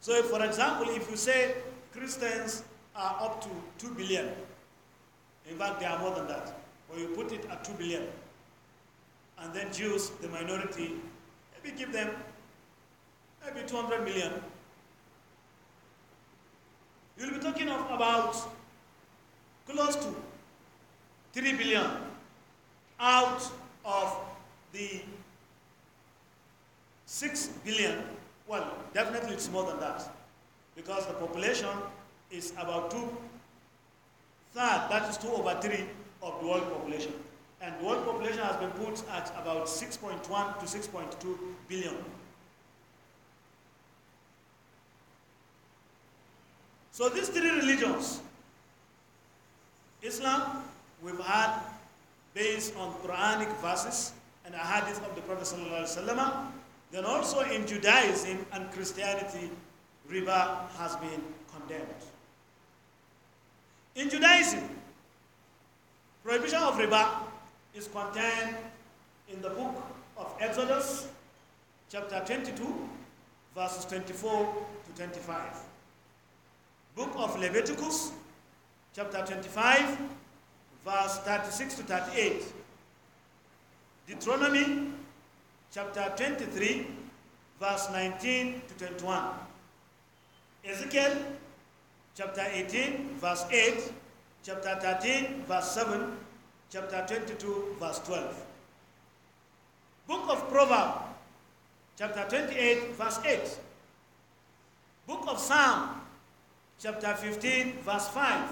Speaker 1: So, if, for example, if you say Christians are up to 2 billion. In fact, they are more than that. But you put it at 2 billion. And then Jews, the minority, maybe give them maybe 200 million. You'll be talking of about close to 3 billion out of the 6 billion. Well, definitely it's more than that because the population is about two third, that is two over three of the world population. And the world population has been put at about 6.1 to 6.2 billion. So these three religions, Islam, we've had based on Quranic verses and ahadith of the Prophet Then also in Judaism and Christianity, riba has been condemned. In Judaism, prohibition of riba is contained in the book of Exodus, chapter 22, verses 24 to 25. Book of Leviticus, chapter 25, verse 36 to 38. Deuteronomy, chapter 23, verse 19 to 21. Ezekiel chapter 18, verse 8, chapter 13, verse 7, chapter 22, verse 12. Book of Proverbs, chapter 28, verse 8. Book of Psalm, chapter 15, verse 5.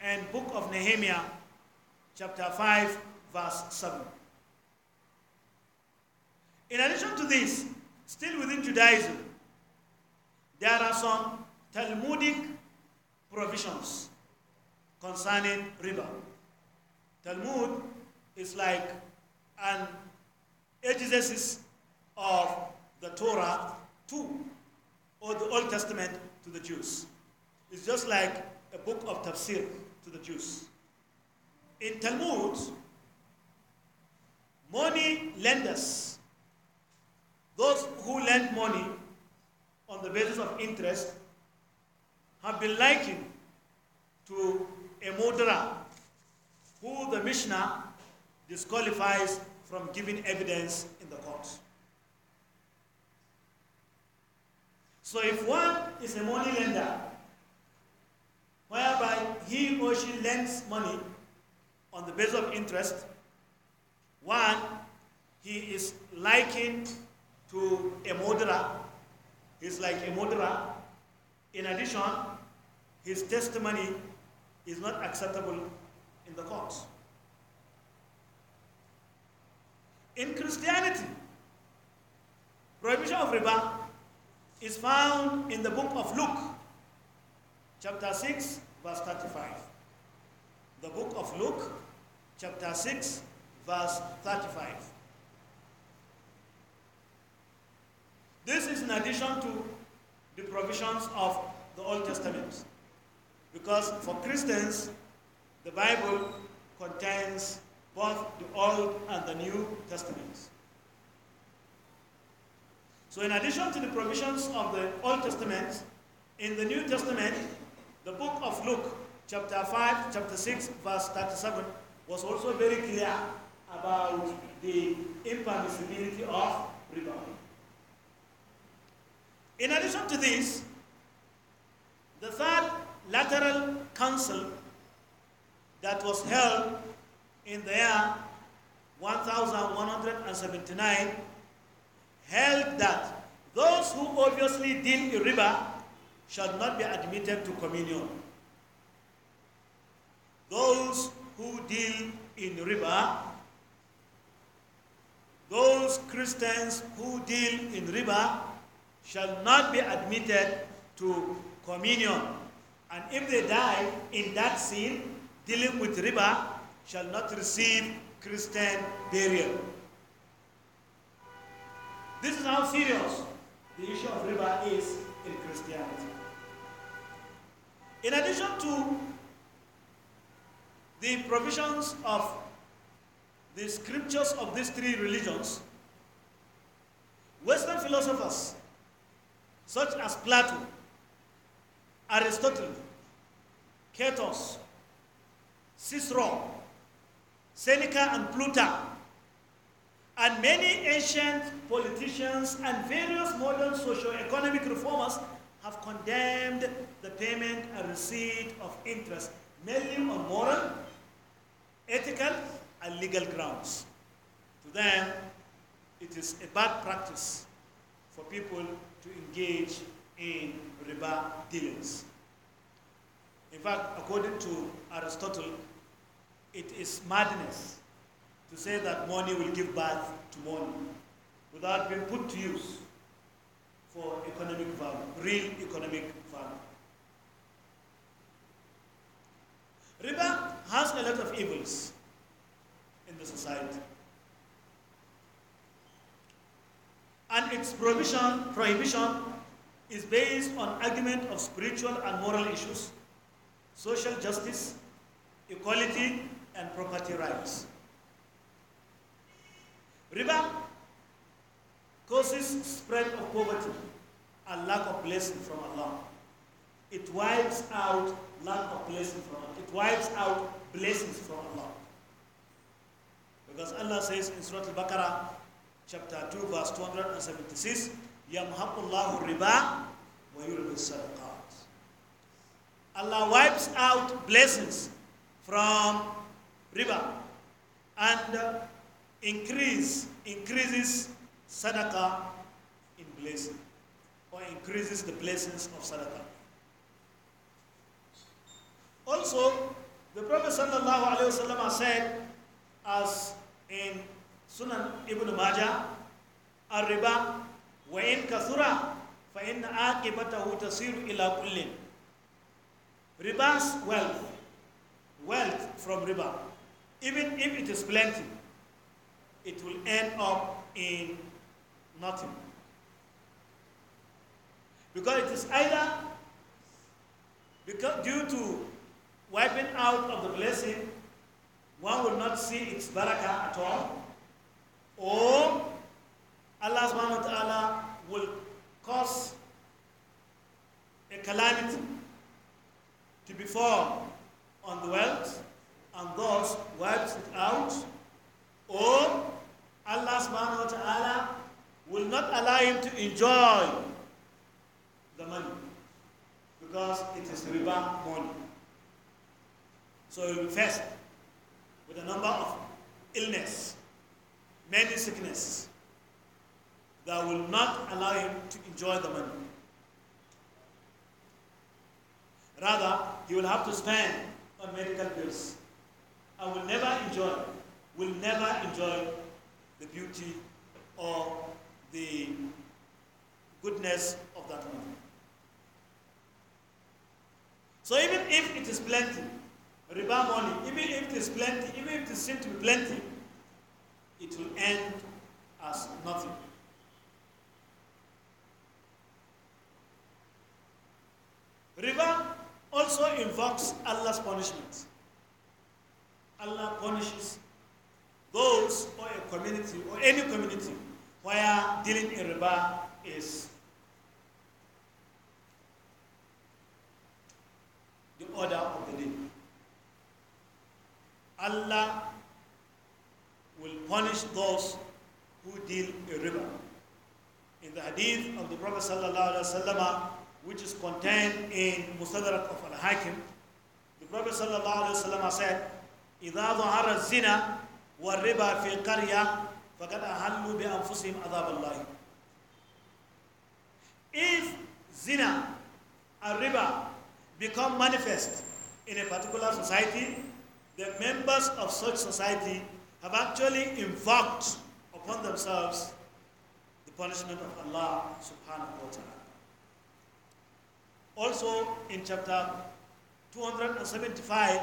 Speaker 1: And book of Nehemiah, chapter 5, verse 7. In addition to this, still within Judaism, there are some Talmudic provisions concerning riba. Talmud is like an exegesis of the Torah to, or the Old Testament to the Jews. It's just like a book of tafsir to the Jews. In Talmud, money lenders, those who lend money on the basis of interest, have been likened to a murderer who the Mishnah disqualifies from giving evidence in the court. So if one is a money lender, whereby he or she lends money on the basis of interest, one, he is likened to a murderer. He's like a murderer in addition, his testimony is not acceptable in the courts. In Christianity, prohibition of riba is found in the book of Luke, chapter 6, verse 35. The book of Luke, chapter 6, verse 35. This is in addition to the provisions of the Old Testament. Because for Christians, the Bible contains both the Old and the New Testaments. So, in addition to the provisions of the Old Testament, in the New Testament, the book of Luke, chapter 5, chapter 6, verse 37, was also very clear about the impermissibility of rebellion. In addition to this, the third lateral council that was held in the year 1179 held that those who obviously deal in riba shall not be admitted to communion. Those who deal in riba, those Christians who deal in riba shall not be admitted to communion. And if they die in that sin, dealing with riba, shall not receive Christian burial. This is how serious the issue of riba is in Christianity. In addition to the provisions of the scriptures of these three religions, Western philosophers such as Plato, Aristotle, Cato, Cicero, Seneca, and Plutarch, and many ancient politicians and various modern socio-economic reformers have condemned the payment and receipt of interest mainly on moral, ethical, and legal grounds. To them, it is a bad practice for people to engage in riba dealings. In fact, according to Aristotle, it is madness to say that money will give birth to money without being put to use for economic value, real economic value. Riba has a lot of evils in the society. and its prohibition, prohibition is based on argument of spiritual and moral issues, social justice, equality, and property rights. Riba causes spread of poverty and lack of blessing from Allah. It wipes out lack of blessing from Allah. It wipes out blessings from Allah. Because Allah says in Surah Al-Baqarah, chapter 2, verse 276, يَمْحَقُ اللَّهُ الرِّبَى وَيُرْبِ Allah wipes out blessings from riba and uh, increase increases sadaqah in blessing or increases the blessings of sadaqah. Also, the Prophet ﷺ said, as in sunan ibn maja arriba wa in kasura fa aqibatahu tasiru ila kullin riba's wealth wealth from riba even if it is plenty it will end up in nothing because it is either because due to wiping out of the blessing one will not see its barakah at all or Allah subhanahu wa ta'ala will cause a calamity to befall on the world and thus wipes it out, or Allah subhanahu wa ta'ala will not allow him to enjoy the money because it is riba money. So he will be faced with a number of illness many sicknesses that will not allow him to enjoy the money. Rather, he will have to spend on medical bills and will never enjoy, will never enjoy the beauty or the goodness of that money. So even if it is plenty, riba money, even if it is plenty, even if it seems to be plenty, it will end as nothing. Riba also invokes Allah's punishment. Allah punishes those or a community or any community where dealing in riba is the order of the day. Allah will punish those who deal a riba. In the hadith of the Prophet which is contained in Mustadrak of Al-Hakim, the Prophet said, إِذَا فِي الْقَرْيَةِ فَقَدْ أَهَلُّوا بِأَنفُسِهِمْ عَذَابَ اللَّهِ If zina and riba become manifest in a particular society, the members of such society have actually invoked upon themselves the punishment of Allah subhanahu wa ta'ala. Also in chapter 275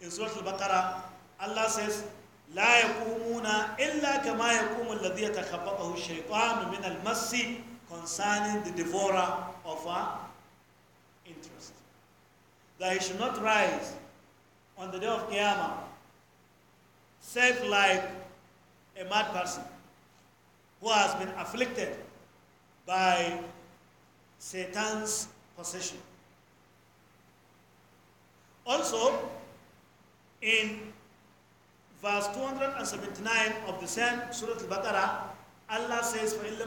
Speaker 1: in Surah Al-Baqarah, Allah says, لا يقومون إلا كما يقوم الذي يتخبطه الشيطان من المس concerning the devourer of our interest. That he should not rise on the day of Qiyamah saved like a mad person who has been afflicted by Satan's possession. Also, in verse 279 of the same Surah Al-Baqarah, Allah says, فَإِن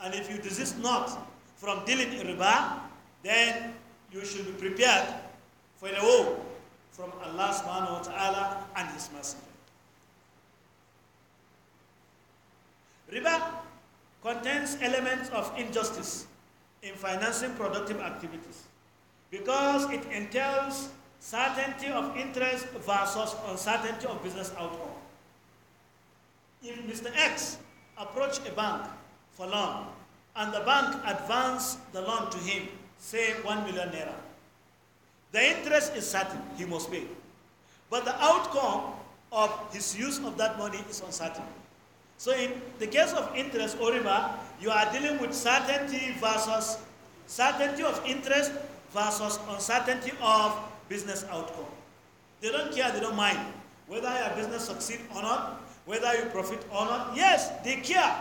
Speaker 1: And if you desist not from dealing in riba, then you should be prepared for the woe from Allah subhanahu wa ta'ala and His Messenger. Riba contains elements of injustice in financing productive activities because it entails certainty of interest versus uncertainty of business outcome. If Mr. X approached a bank for loan and the bank advanced the loan to him, say 1 million naira, the interest is certain, he must pay. But the outcome of his use of that money is uncertain. So, in the case of interest or you are dealing with certainty versus certainty of interest versus uncertainty of business outcome. They don't care, they don't mind whether your business succeeds or not, whether you profit or not. Yes, they care,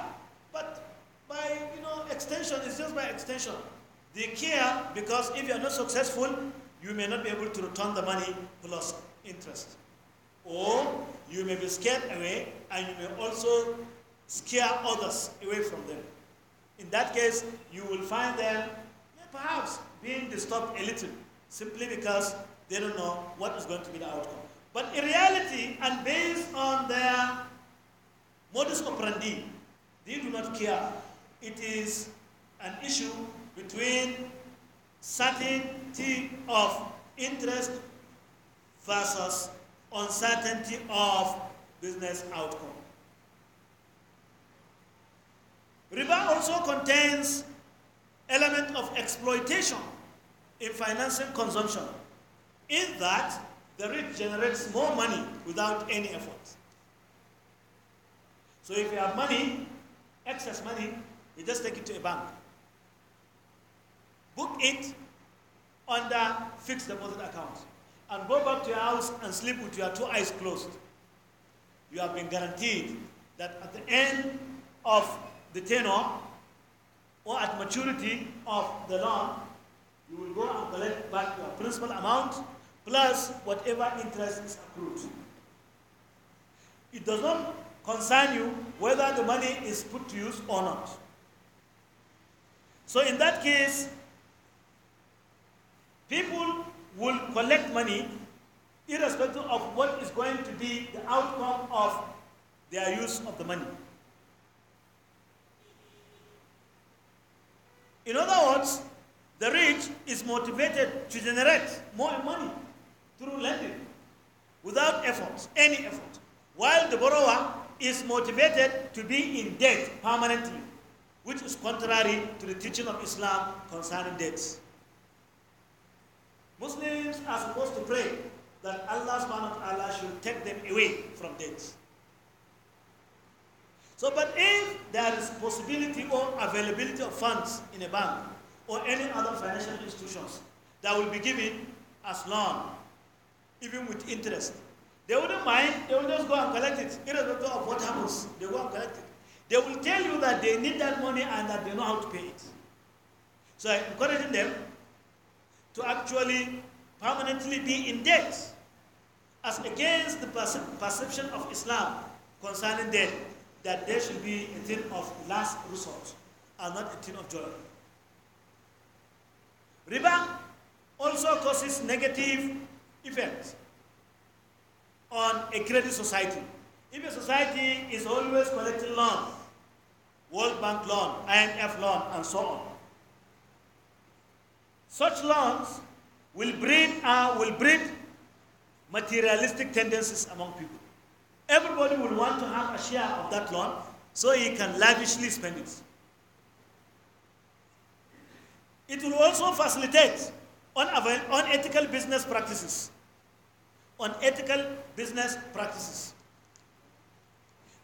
Speaker 1: but by you know extension, it's just by extension. They care because if you are not successful, you may not be able to return the money plus interest. Or you may be scared away and you may also scare others away from them. In that case, you will find them perhaps being disturbed a little simply because they don't know what is going to be the outcome. But in reality, and based on their modus operandi, they do not care. It is an issue between certain certainty of interest versus uncertainty of business outcome. Riba also contains element of exploitation in financing consumption, in that the rich generates more money without any effort. So if you have money, excess money, you just take it to a bank. Book it under fixed deposit account and go back to your house and sleep with your two eyes closed. You have been guaranteed that at the end of the tenure or at maturity of the loan, you will go and collect back your principal amount plus whatever interest is accrued. It does not concern you whether the money is put to use or not. So in that case, People will collect money irrespective of what is going to be the outcome of their use of the money. In other words, the rich is motivated to generate more money through lending without effort, any effort, while the borrower is motivated to be in debt permanently, which is contrary to the teaching of Islam concerning debts. Muslims are supposed to pray that Allah subhanahu wa ta'ala should take them away from death. So, but if there is possibility or availability of funds in a bank or any other financial institutions that will be given as loan, even with interest, they wouldn't mind, they will just go and collect it, irrespective of what happens, they go and collect it. They will tell you that they need that money and that they know how to pay it. So, encouraging them to actually permanently be in debt as against the perception of Islam concerning debt, that there should be a thing of last resort and not a thing of joy. Riba also causes negative effects on a credit society. If a society is always collecting loans, World Bank loan, IMF loan, and so on, such loans will breed, uh, will breed materialistic tendencies among people. Everybody will want to have a share of that loan so he can lavishly spend it. It will also facilitate unethical business practices. Unethical business practices.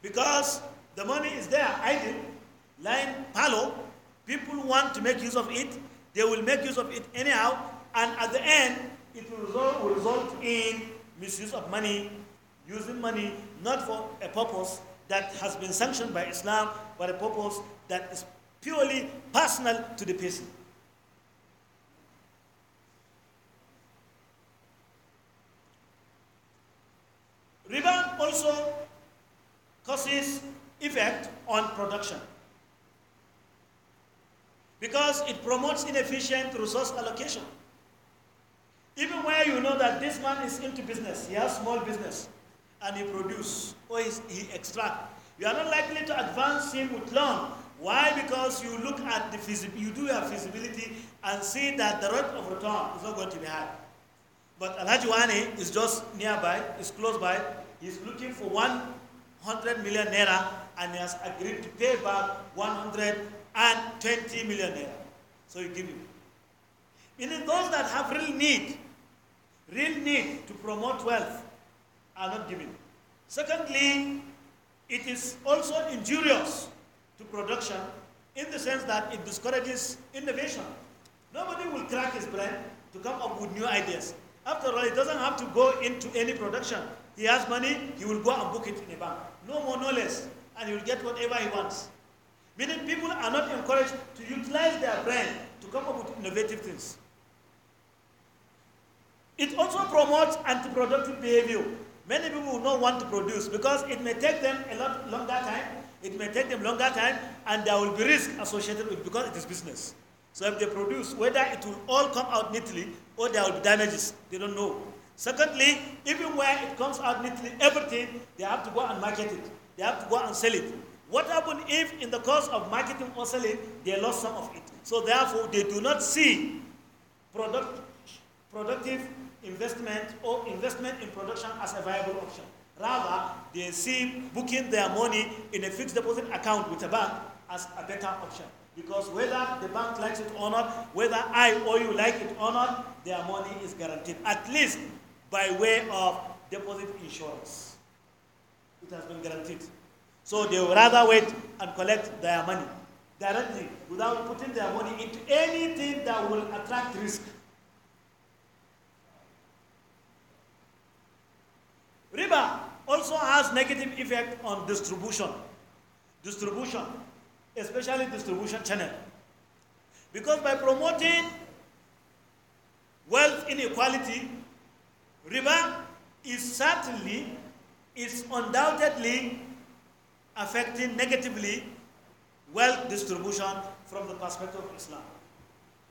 Speaker 1: Because the money is there idle, lying fallow, people want to make use of it, they will make use of it anyhow, and at the end, it will result, will result in misuse of money, using money not for a purpose that has been sanctioned by Islam, but a purpose that is purely personal to the person. Riba also causes effect on production because it promotes inefficient resource allocation. Even where you know that this man is into business, he has small business, and he produce or he extract, you are not likely to advance him with loan. Why? Because you look at the feasibility, you do your feasibility and see that the rate of return is not going to be high. But Alhaji is just nearby, is close by. He's looking for 100 million naira and he has agreed to pay back 100 and 20 million naira. So you give him. Meaning those that have real need, real need to promote wealth are not given. Secondly, it is also injurious to production in the sense that it discourages innovation. Nobody will crack his brain to come up with new ideas. After all, he doesn't have to go into any production. He has money, he will go and book it in a bank. No more, no less. And he will get whatever he wants. Meaning people are not encouraged to utilize their brain to come up with innovative things. It also promotes anti-productive behavior. Many people will not want to produce because it may take them a lot longer time, it may take them longer time, and there will be risk associated with because it is business. So if they produce, whether it will all come out neatly or there will be damages, they don't know. Secondly, even where it comes out neatly, everything, they have to go and market it. They have to go and sell it. What happened if, in the course of marketing or selling, they lost some of it? So, therefore, they do not see product, productive investment or investment in production as a viable option. Rather, they see booking their money in a fixed deposit account with a bank as a better option. Because whether the bank likes it or not, whether I or you like it or not, their money is guaranteed, at least by way of deposit insurance. It has been guaranteed.
Speaker 2: So they would rather wait
Speaker 1: and collect their money directly without putting their money into anything that will attract risk. Riba also has negative effect on distribution. Distribution, especially distribution channel. Because by promoting wealth inequality, riba is certainly, is undoubtedly affecting negatively wealth distribution from the perspective of Islam.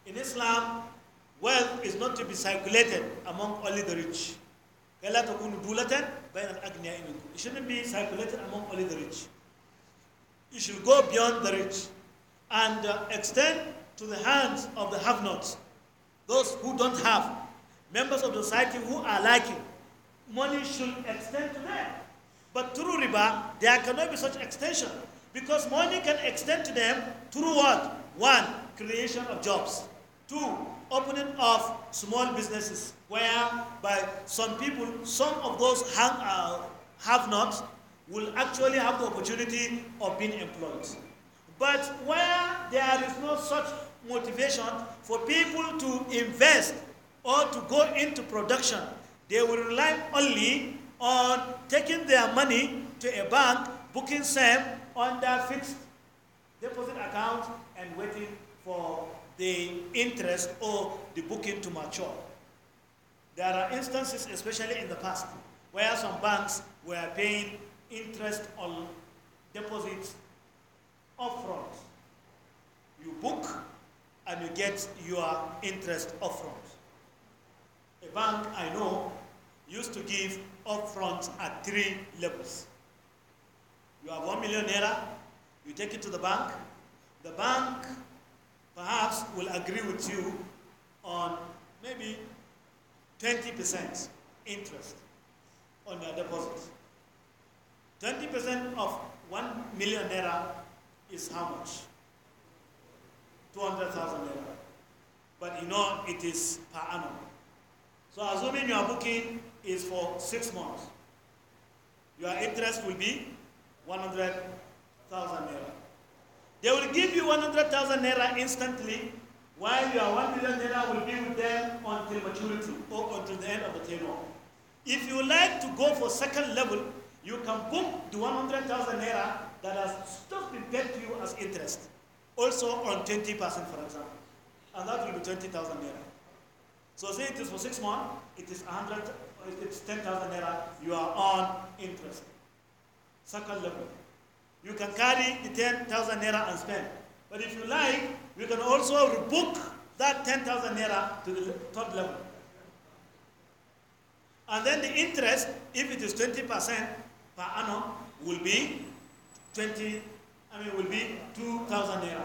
Speaker 1: In Islam, wealth is not to be circulated among only the rich. It shouldn't be circulated among only the rich. It should go beyond the rich and uh, extend to the hands of the have nots, those who don't have, members of the society who are like you, Money should extend to them. But through riba, there cannot be such extension because money can extend to them through what? One, creation of jobs. Two, opening of small businesses where by some people, some of those have, uh, have not, will actually have the opportunity of being employed. But where there is no such motivation for people to invest or to go into production, they will rely only on taking their money to a bank, booking them their fixed deposit account and waiting for the interest or the booking to mature. There are instances, especially in the past, where some banks were paying interest on deposits upfront. You book and you get your interest upfront. A bank I know used to give Upfront at three levels. You have one million naira, you take it to the bank. The bank perhaps will agree with you on maybe 20% interest on your deposit. 20% of 1 million naira is how much? 200,000 naira. But you know it is per annum. So assuming you are booking is for six months. Your interest will be 100,000 naira. They will give you 100,000 naira instantly, while your 1 million naira will be with them until maturity or until the end of the tenure. If you like to go for second level, you can book the 100,000 naira that has just been paid to you as interest, also on 20%, for example. And that will be 20,000 naira. So say it is for six months, it is 100,000 it's 10,000 naira, you are on interest. Second level. You can carry the 10,000 naira and spend. But if you like, you can also rebook that 10,000 naira to the third level. And then the interest, if it is 20% per annum, will be 20, I mean, will be 2,000 naira.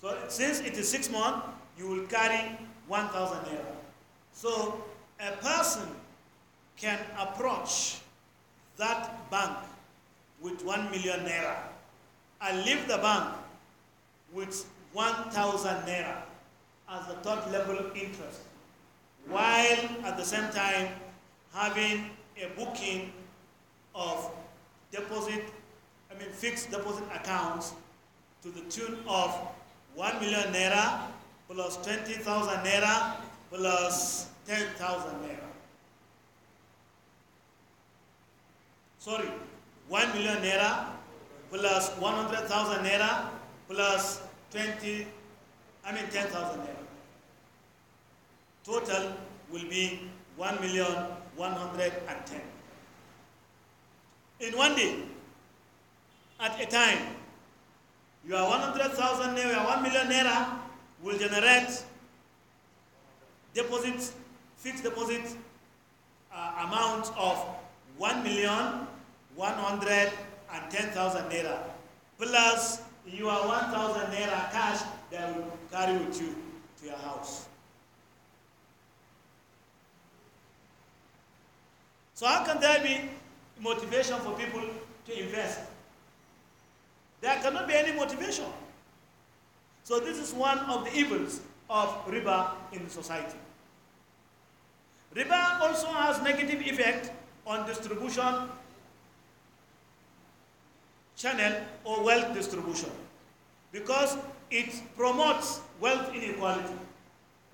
Speaker 1: So since it is six months, you will carry 1,000 naira. So a person can approach that bank with 1 million naira and leave the bank with 1,000 naira as the third level interest, while at the same time having a booking of deposit, I mean fixed deposit accounts to the tune of 1 million naira plus 20,000 naira plus 10,000 naira. Sorry, 1 million naira plus 100,000 naira plus 20, I mean 10,000 naira. Total will be 1 million 110. In one day, at a time, your 100,000 naira, 1 million naira will generate deposit, fixed deposit uh, amount of one million one hundred and ten thousand naira plus your 1,000 naira cash that will carry with you to your house. So how can there be motivation for people to invest? There cannot be any motivation. So this is one of the evils of riba in society. Riba also has negative effect on distribution channel or wealth distribution because it promotes wealth inequality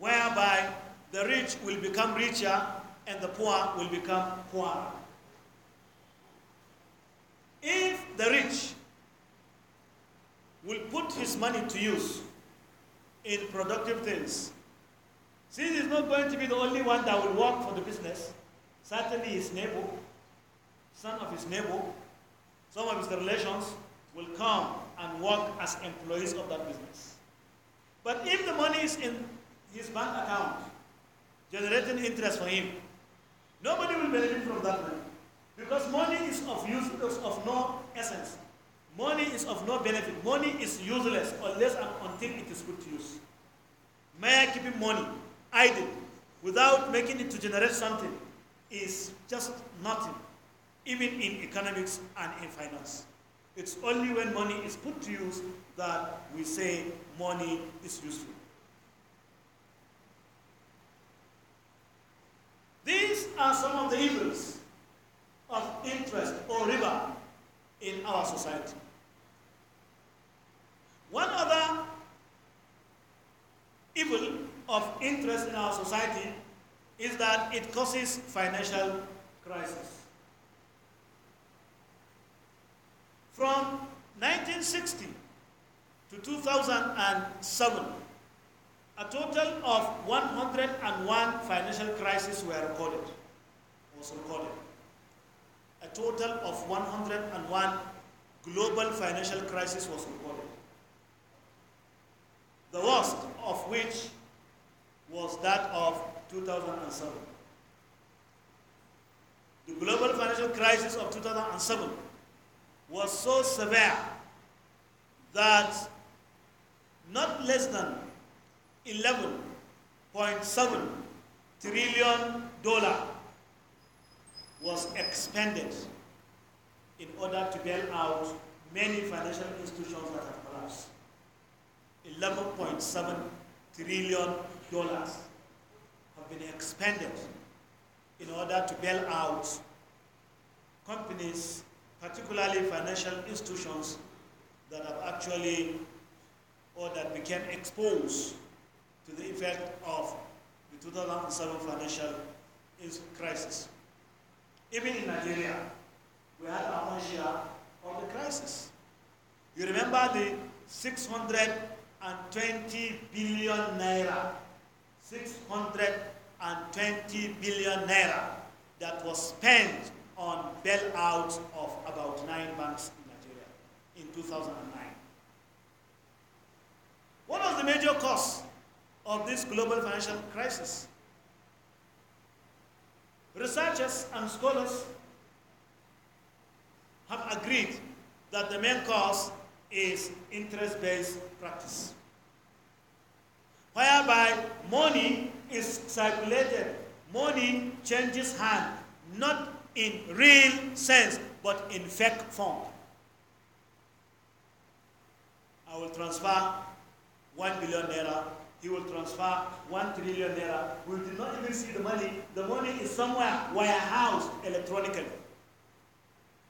Speaker 1: whereby the rich will become richer and the poor will become poorer. If the rich will put his money to use in productive things since he's not going to be the only one that will work for the business, certainly his neighbor, son of his neighbor, some of his relations will come and work as employees of that business. But if the money is in his bank account, generating interest for him, nobody will benefit from that money. Because money is of use, of no essence. Money is of no benefit. Money is useless unless and until it is put to use. May I keep money idle without making it to generate something is just nothing, even in economics and in finance. It's only when money is put to use that we say money is useful. These are some of the evils is that it causes financial crisis. From 1960 to 2007, a total of 101 financial crises were recorded, was recorded. A total of 101 global financial crises was recorded. The worst of which was that of 2007. The global financial crisis of 2007 was so severe that not less than 11.7 trillion dollar was expended in order to bail out many financial institutions that have collapsed. 11.7 trillion dollars have been expended in order to bail out companies, particularly financial institutions that have actually or that became exposed to the effect of the 2007 financial crisis. Even in Nigeria, we had our own share of the crisis. You remember the 620 billion naira 620 billion naira that was spent on bailouts of about nine banks in Nigeria in 2009. What was the major cause of this global financial crisis? Researchers and scholars have agreed that the main cause is interest-based practice whereby money is circulated, money changes hand, not in real sense, but in fake form. I will transfer 1 billion naira, he will transfer 1 trillion naira. We did not even see the money. The money is somewhere warehoused electronically,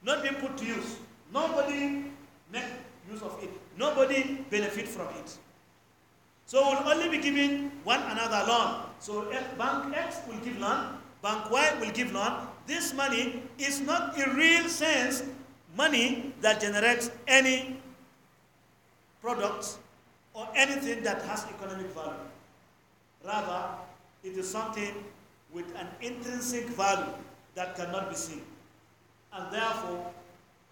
Speaker 1: not being put to use. Nobody make use of it. Nobody benefit from it. So we'll only be giving one another loan. So Bank X will give loan, Bank Y will give loan. This money is not in real sense money that generates any products or anything that has economic value. Rather, it is something with an intrinsic value that cannot be seen. And therefore,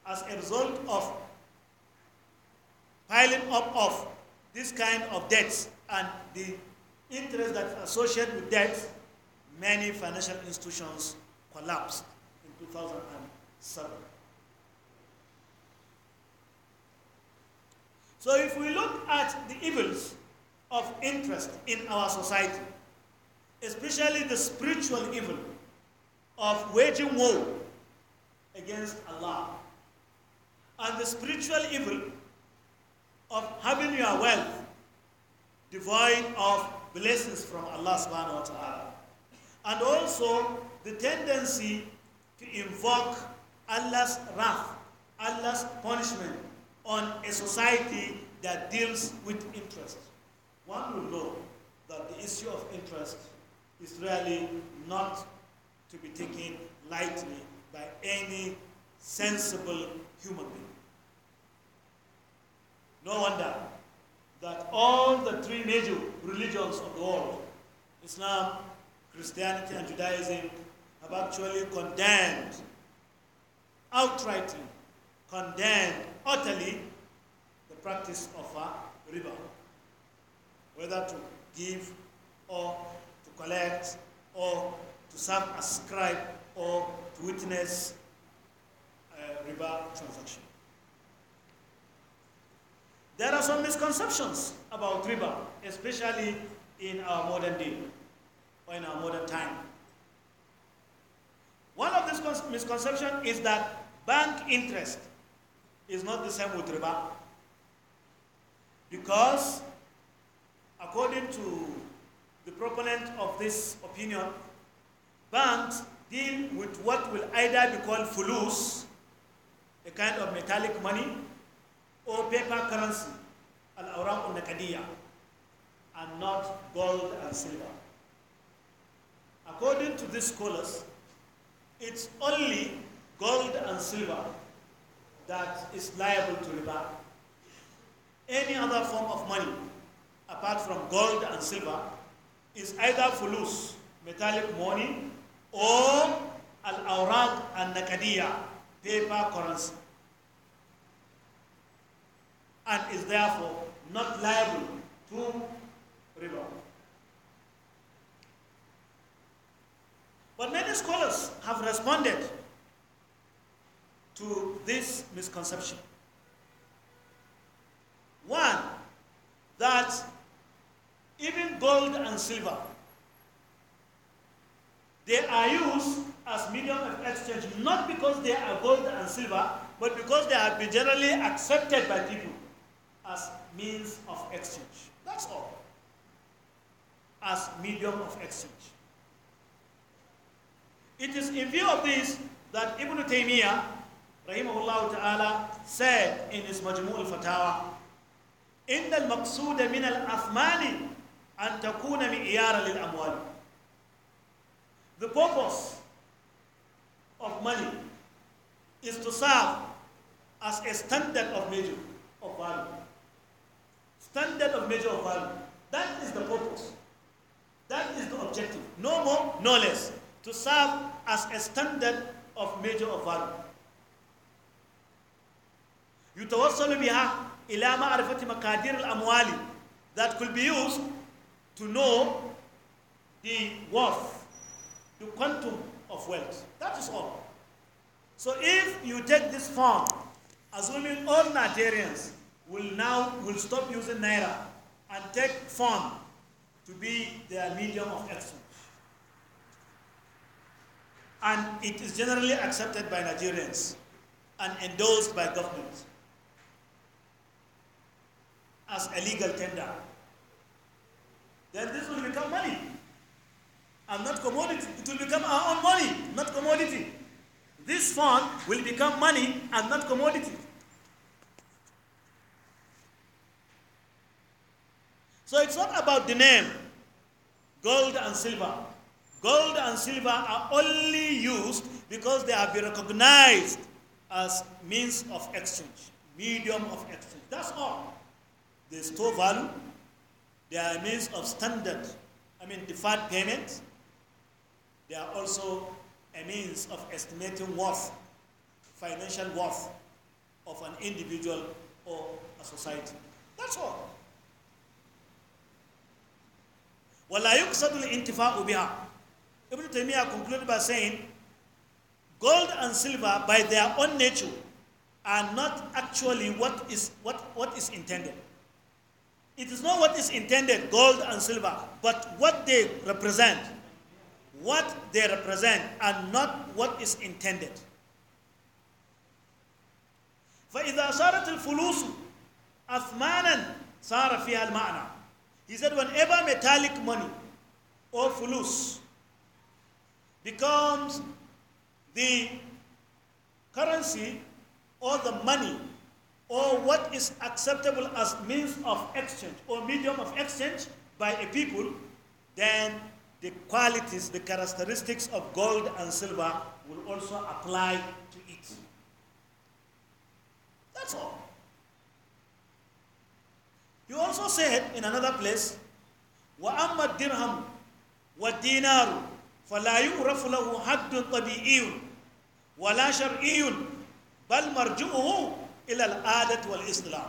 Speaker 1: as a result of piling up of this kind of debts and the interest that is associated with debts, many financial institutions collapsed in 2007. So if we look at the evils of interest in our society, especially the spiritual evil of waging war against Allah, and the spiritual evil of having your wealth devoid of blessings from Allah subhanahu wa ta'ala. And also the tendency to invoke Allah's wrath, Allah's punishment on a society that deals with interest. One will know that the issue of interest is really not to be taken lightly by any sensible human being. No wonder that all the three major religions of the world, Islam, Christianity, and Judaism, have actually condemned, outrightly condemned utterly the practice of a riba, whether to give or to collect or to serve as scribe or to witness a riba transaction. There are some misconceptions about riba, especially in our modern day or in our modern time. One of these misconceptions is that bank interest is not the same with riba. Because, according to the proponent of this opinion, banks deal with what will either be called fulus, a kind of metallic money, or oh, paper currency, al-awraq al-nakadiyya, and not gold and silver. According to these scholars, it's only gold and silver that is liable to riba. Any other form of money, apart from gold and silver, is either fulus, metallic money, or al-awraq al-nakadiyya, paper currency and is therefore not liable to riba. But many scholars have responded to this misconception. One, that even gold and silver, they are used as medium of exchange, not because they are gold and silver, but because they have been generally accepted by people as means of exchange. That's all. As medium of exchange. It is in view of this that Ibn Taymiyyah, rahimahullah ta'ala, said in his Majmu' al-Fatawa, إن المقصود من الأثمان أن تكون معيارا للأموال. The purpose of money is to serve as a standard of measure of value standard of measure of value. That is the purpose. That is the objective. No more, no less. To serve as a standard of measure of value. يتوصل بها إلى معرفة مقادير الأموال that could be used to know the worth, the quantum of wealth. That is all. So if you take this form, assuming all Nigerians will now will stop using naira and take fund to be their medium of exchange. And it is generally accepted by Nigerians and endorsed by governments as a legal tender. Then this will become money and not commodity. It will become our own money, not commodity. This fund will become money and not commodity. So it's not about the name, gold and silver. Gold and silver are only used because they have been recognized as means of exchange, medium of exchange. That's all. They store value, they are means of standard, I mean, deferred payment. They are also a means of estimating worth, financial worth of an individual or a society. That's all. ولا يقصد Ibn Taymiyyah concluded by saying gold and silver by their own nature are not actually what is what, what is intended it is not what is intended gold and silver but what they represent what they represent and not what is intended فإذا صارت الفلوس أثمانا صار فيها المعنى he said, whenever metallic money or fulus becomes the currency or the money or what is acceptable as means of exchange or medium of exchange by a people, then the qualities, the characteristics of gold and silver will also apply to it. That's all. He also said in another place, وَأَمَّا الدِّرْهَمُ وَالدِّينَارُ فَلَا يُعْرَفُ لَهُ حَدٌّ طَبِيعِيٌّ وَلَا شَرْعِيٌّ بَلْ مَرْجُعُهُ إِلَى الْعَادَةِ وَالْإِسْلَامِ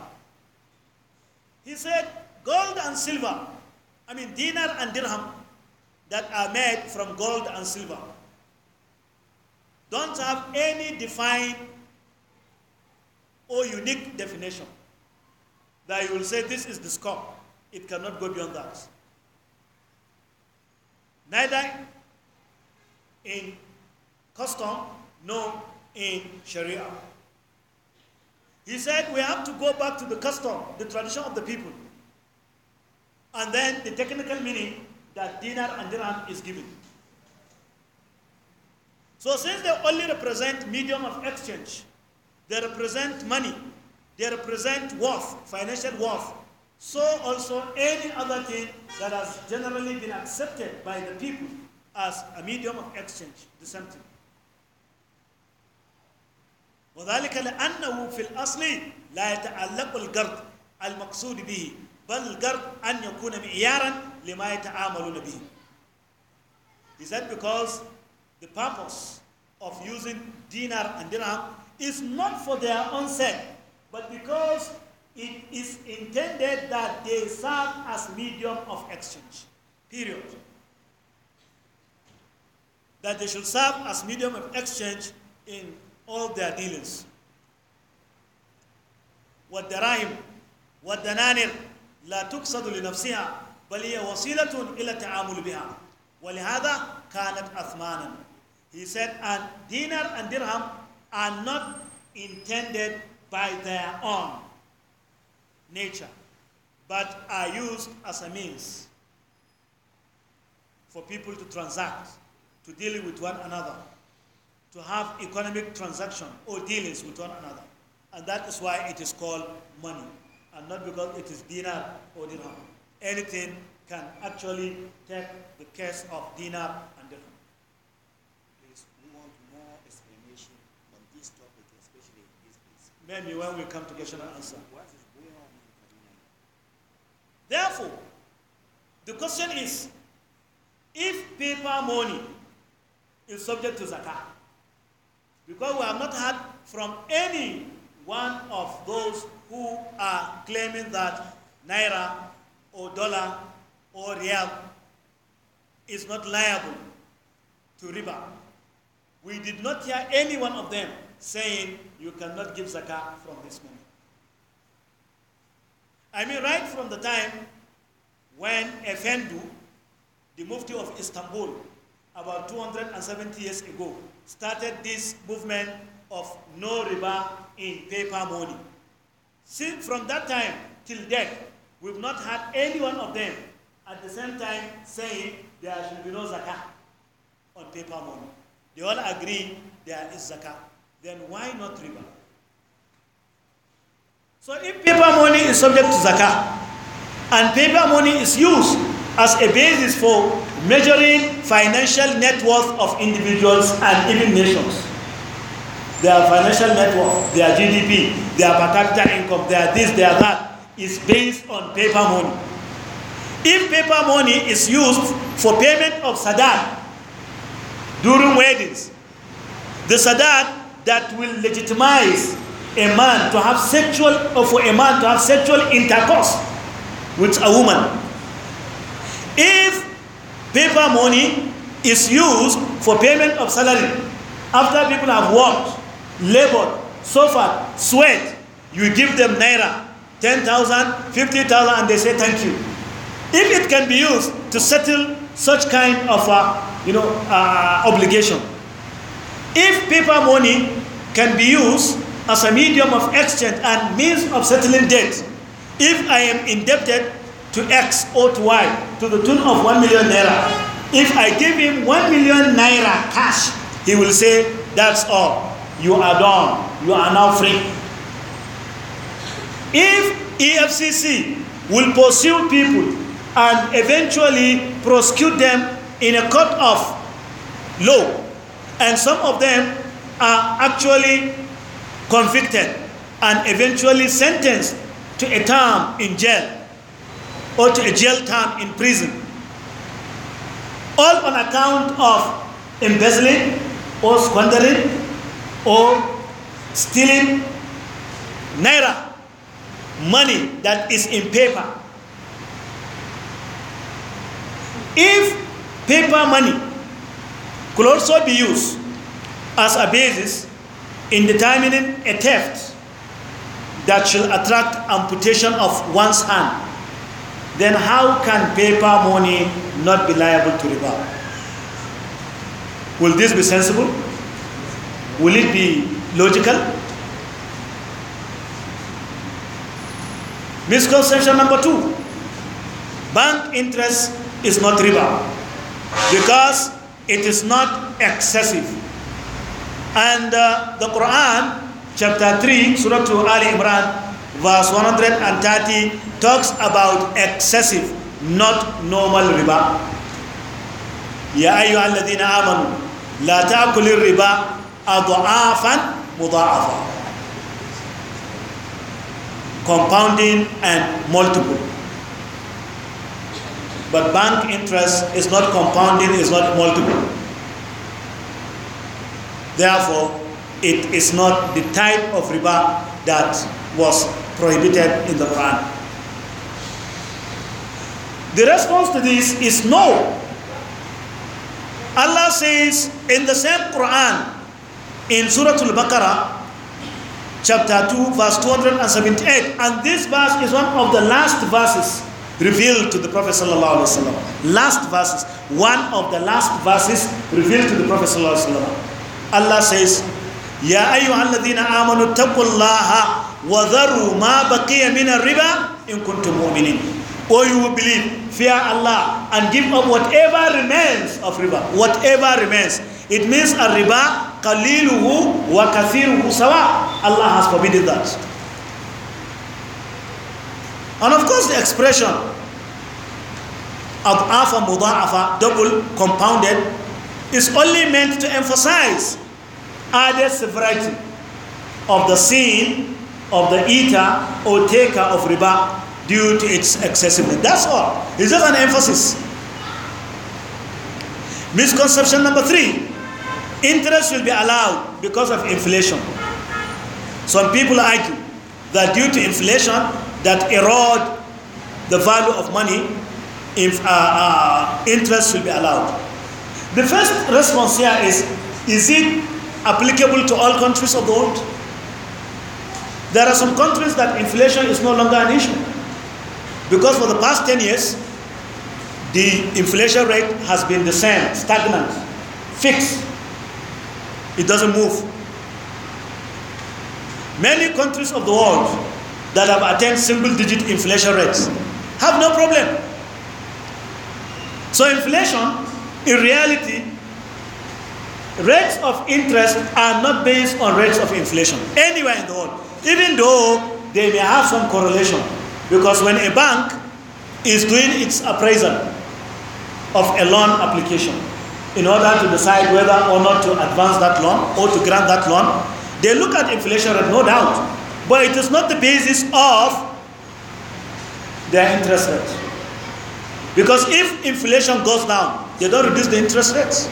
Speaker 1: He said, gold and silver, I mean dinar and dirham, that are made from gold and silver, don't have any defined or unique definition that you will say this is the scope. It cannot go beyond that. Neither in custom nor in Sharia. He said we have to go back to the custom, the tradition of the people. And then the technical meaning that dinar and dirham is given. So since they only represent medium of exchange, they represent money they represent worth, financial worth. So also any other thing that has generally been accepted by the people as a medium of exchange, the same thing. وذلك لأنه في الأصل لا يتعلق القرض المقصود به بل القرض أن يكون معيارا لما يتعاملون به Is that because the purpose of using dinar and dirham is not for their own sake but because it is intended that they serve as medium of exchange. Period. That they should serve as medium of exchange in all their dealings. what والدراهم والدنانير لا تقصد لنفسها بل هي وسيلة إلى التعامل بها ولهذا كانت athmanan. He said and dinar and dirham are not intended by their own nature, but are used as a means for people to transact, to deal with one another, to have economic transaction or dealings with one another. And that is why it is called money, and not because it is dinar or dirham. Anything can actually take the case of dinar me when we come to get an answer. Therefore, the question is if paper money is subject to zakat, because we have not heard from any one of those who are claiming that naira or dollar or real is not liable to riba. We did not hear any one of them saying you cannot give zakah from this money. I mean, right from the time when Efendu, the Mufti of Istanbul, about 270 years ago, started this movement of no riba in paper money. Since from that time till death, we've not had any one of them at the same time saying there should be no zakah on paper money. They all agree there is zakah then why not riba? So if paper money is subject to zakah, and paper money is used as a basis for measuring financial net worth of individuals and even nations, their financial net worth, their GDP, their per capita income, their this, their that, is based on paper money. If paper money is used for payment of sadaq during weddings, the sadaq that will legitimize a man to have sexual or for a man to have sexual intercourse with a woman if paper money is used for payment of salary after people have worked labored suffered sweat you give them naira 10,000 50,000 and they say thank you if it can be used to settle such kind of uh, you know uh, obligation if paper money can be used as a medium of exchange and means of settling debt, if I am indebted to X or to Y to the tune of 1 million naira, if I give him 1 million naira cash, he will say, That's all. You are done. You are now free. If EFCC will pursue people and eventually prosecute them in a court of law and some of them are actually convicted and eventually sentenced to a term in jail or to a jail term in prison. All on account of embezzling or squandering or stealing naira, money that is in paper. If paper money could also be used as a basis in determining a theft that should attract amputation of one's hand, then how can paper money not be liable to riba? Will this be sensible? Will it be logical? Misconception number two bank interest is not riba because it is not excessive. And uh, the Quran, chapter 3, Surah to Ali Imran, verse 130, talks about excessive, not normal riba. Ya أيها الذين amanu, لا riba الربا أضعافا مضاعفة compounding and multiple but bank interest is not compounding, is not multiple. Therefore, it is not the type of riba that was prohibited in the Quran. The response to this is no. Allah says in the same Quran, in Surah Al Baqarah, chapter 2, verse 278, and this verse is one of the last verses revealed to the Prophet sallallahu alaihi wasallam. Last verses, one of the last verses revealed to the Prophet sallallahu alaihi wasallam. Allah says, "Ya ayyuhalladhina amanu taqullaha wa dharu ma baqiya min riba in kuntum mu'minin." o you will believe, fear Allah and give up whatever remains of riba. Whatever remains. It means a riba qaliluhu wa kathiruhu sawa. Allah has forbidden that. And of course, the expression ad'afa mudha'afa double compounded is only meant to emphasize added severity of the sin of the eater or taker of riba due to its excessiveness. That's all. It's just an emphasis. Misconception number three interest will be allowed because of inflation. Some people argue that due to inflation that erode the value of money if, uh, uh, interest will be allowed. The first response here is is it applicable to all countries of the world? There are some countries that inflation is no longer an issue because for the past 10 years, the inflation rate has been the same, stagnant, fixed. It doesn't move. Many countries of the world that have attained single digit inflation rates have no problem so inflation, in reality, rates of interest are not based on rates of inflation anywhere in the world, even though they may have some correlation. Because when a bank is doing its appraisal of a loan application in order to decide whether or not to advance that loan or to grant that loan, they look at inflation rate, no doubt, but it is not the basis of their interest rate. Because if inflation goes down, they don't reduce the interest rates.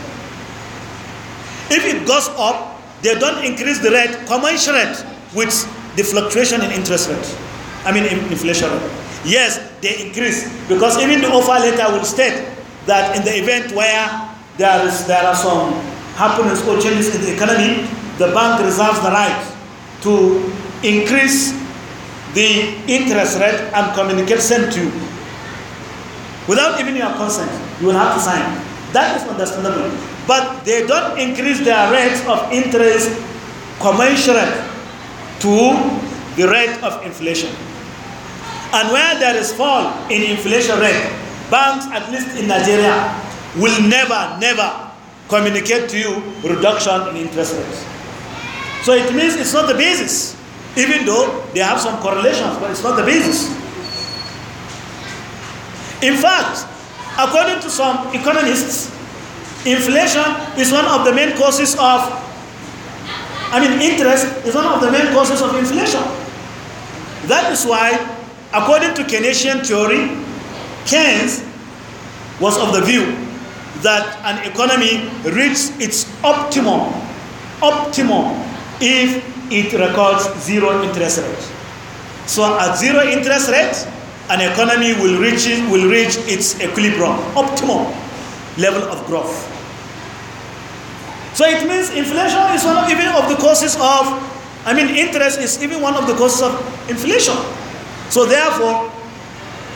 Speaker 1: If it goes up, they don't increase the rate commensurate with the fluctuation in interest rate. I mean, in inflation Yes, they increase because even the offer letter will state that in the event where there is there are some happenings or changes in the economy, the bank reserves the right to increase the interest rate and communicate send to Without even your consent, you will have to sign. That is understandable. But they don't increase their rates of interest commensurate to the rate of inflation. And where there is fall in inflation rate, banks, at least in Nigeria, will never, never communicate to you reduction in interest rates. So it means it's not the basis, even though they have some correlations, but it's not the basis. In fact, according to some economists, inflation is one of the main causes of, I mean, interest is one of the main causes of inflation. That is why, according to Keynesian theory, Keynes was of the view that an economy reaches its optimum, optimum, if it records zero interest rate. So at zero interest rate, an economy will reach, will reach its equilibrium, optimum level of growth. So it means inflation is one of even of the causes of, I mean, interest is even one of the causes of inflation. So therefore,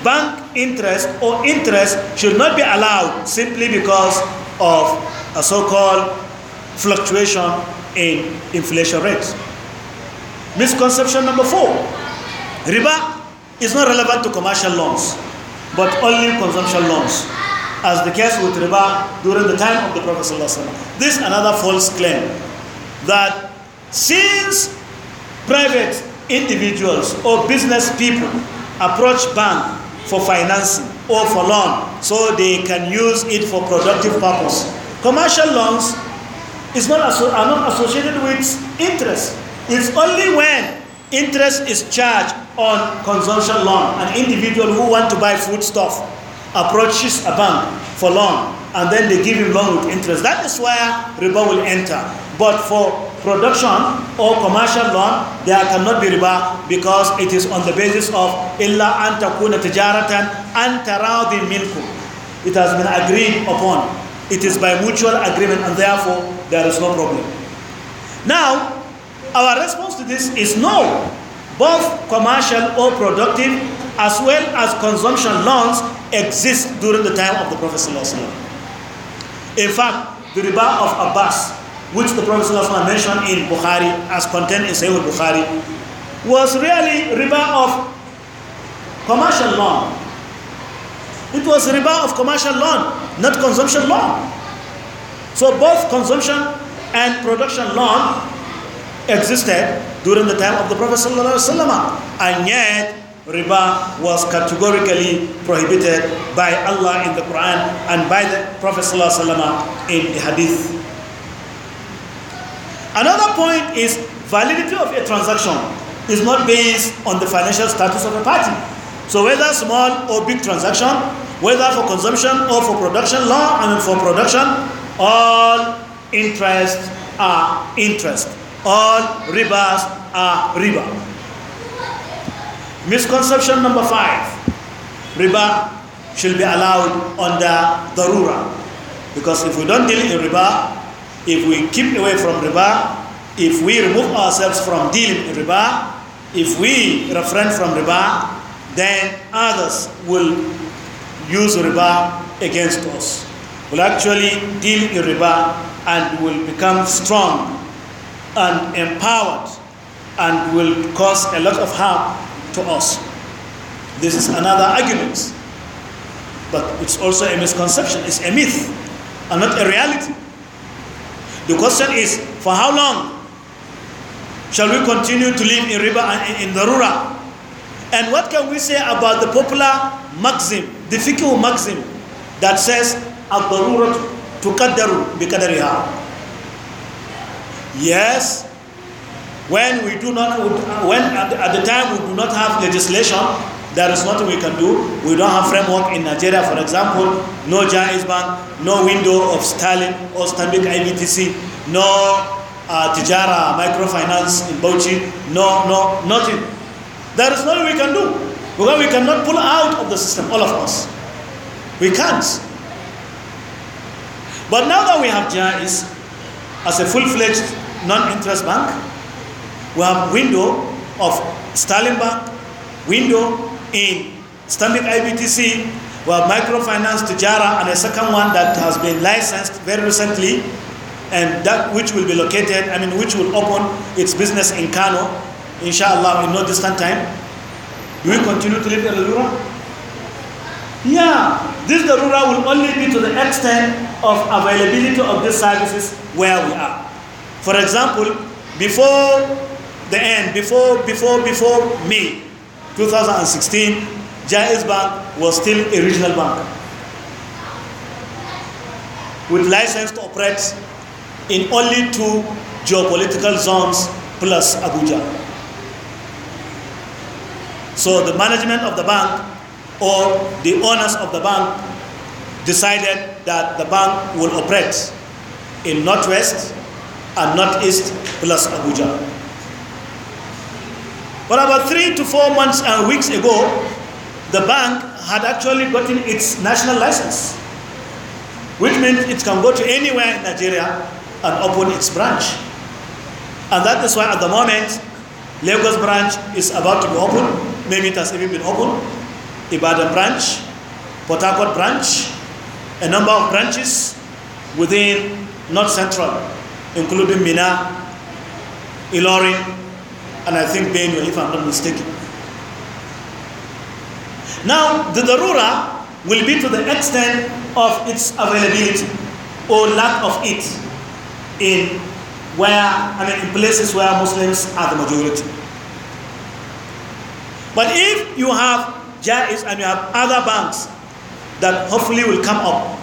Speaker 1: bank interest or interest should not be allowed simply because of a so-called fluctuation in inflation rates. Misconception number four, riba it's not relevant to commercial loans, but only consumption loans, as the case with riba during the time of the Prophet. This is another false claim that since private individuals or business people approach bank for financing or for loan so they can use it for productive purpose. Commercial loans is not are not associated with interest. It's only when Interest is charged on consumption loan. An individual who wants to buy foodstuff approaches a bank for loan and then they give him loan with interest. That is where riba will enter. But for production or commercial loan, there cannot be riba because it is on the basis of illa antakuna tijaratan antarawdi minkum. It has been agreed upon. It is by mutual agreement and therefore there is no problem. Now, our response to this is no. Both commercial or productive as well as consumption loans exist during the time of the Prophet. In fact, the riba of Abbas, which the Prophet mentioned in Bukhari as contained in Sahih Bukhari, was really riba of commercial loan. It was riba of commercial loan, not consumption loan. So both consumption and production loan existed during the time of the Prophet and yet riba was categorically prohibited by Allah in the Quran and by the Prophet in the Hadith. Another point is validity of a transaction is not based on the financial status of a party. So whether small or big transaction, whether for consumption or for production law I and mean for production, all interest are interest. All rivers are riba. Misconception number five. Riba should be allowed under the rural. Because if we don't deal in riba, if we keep away from riba, if we remove ourselves from dealing in riba, if we refrain from riba, then others will use riba against us, will actually deal in riba and will become strong and empowered and will cause a lot of harm to us. This is another argument. But it's also a misconception, it's a myth and not a reality. The question is for how long shall we continue to live in riba and in the rural? And what can we say about the popular maxim, the fiqh maxim, that says, Yes, when we do not, when at the, time we do not have legislation, there is nothing we can do. We don't have framework in Nigeria, for example, no Jaiz Bank, no window of Stalin or Stanbic IBTC, no uh, Tijara microfinance in Bauchi, no, no, nothing. There is nothing we can do because we cannot pull out of the system, all of us. We can't. But now that we have Jaiz as a full fledged non-interest bank. We have window of Sterling Bank, window in Stanbic IBTC. We have microfinance to Jara and a second one that has been licensed very recently and that which will be located, I mean, which will open its business in Kano, inshallah, in no distant time. Do we continue to live in the rural? Yeah, this the rural will only be to the extent of availability of these services where we are. For example, before the end, before, before, before May 2016, Jaiz Bank was still a regional bank with license to operate in only two geopolitical zones plus Abuja. So the management of the bank or the owners of the bank decided that the bank will operate in Northwest, and northeast plus Abuja. But about three to four months and weeks ago, the bank had actually gotten its national license, which means it can go to anywhere in Nigeria and open its branch. And that is why at the moment, Lagos branch is about to be opened. Maybe it has even been opened. Ibadan branch, Port Harcourt branch, a number of branches within North Central including Mina, Ilorin, and I think Benue, if I'm not mistaken. Now, the darura will be to the extent of its availability or lack of it in where, I mean, in places where Muslims are the majority. But if you have Jais and you have other banks that hopefully will come up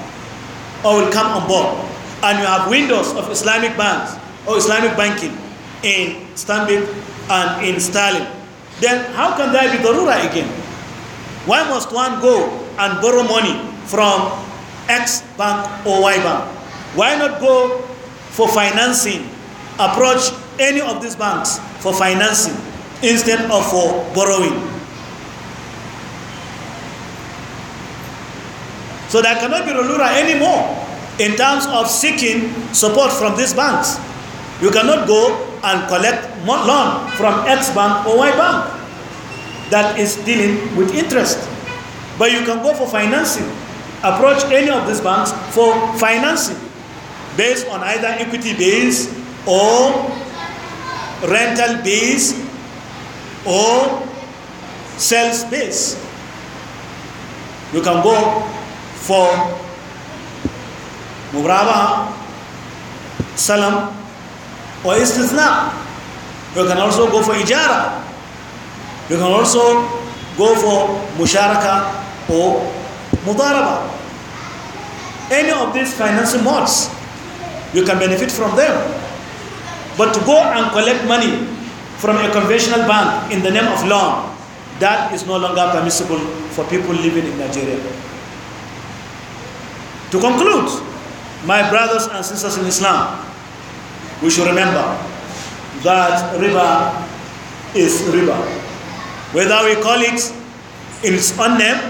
Speaker 1: or will come on board, and you have windows of Islamic banks or Islamic banking in Stanbic and in Stalin. Then how can there be Darura again? Why must one go and borrow money from X bank or Y bank? Why not go for financing? Approach any of these banks for financing instead of for borrowing. So there cannot be Rolura anymore in terms of seeking support from these banks. You cannot go and collect loan from X bank or Y bank that is dealing with interest. But you can go for financing. Approach any of these banks for financing based on either equity base or rental base or sales base. You can go for Mubraba, Salam, or Istithna. You can also go for Ijara. You can also go for Musharaka or Mudaraba. Any of these financial modes, you can benefit from them. But to go and collect money from a conventional bank in the name of loan, that is no longer permissible for people living in Nigeria. To conclude, my brothers and sisters in Islam, we should remember that riba is riba. Whether we call it in its own name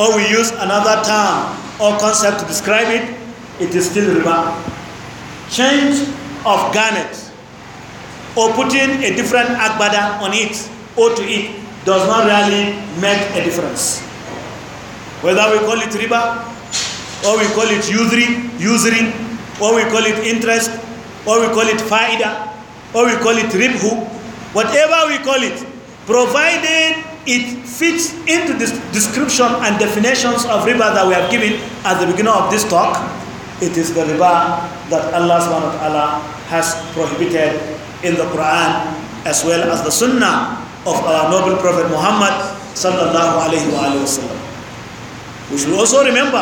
Speaker 1: or we use another term or concept to describe it, it is still riba. Change of garment or putting a different agbada on it or to it does not really make a difference. Whether we call it riba or we call it usury, usury, or we call it interest, or we call it faida, or we call it ribhu, whatever we call it, provided it fits into this description and definitions of riba that we have given at the beginning of this talk, it is the riba that Allah subhanahu wa ta'ala has prohibited in the Quran as well as the sunnah of our noble Prophet Muhammad sallallahu alayhi wa, alayhi wa We should also remember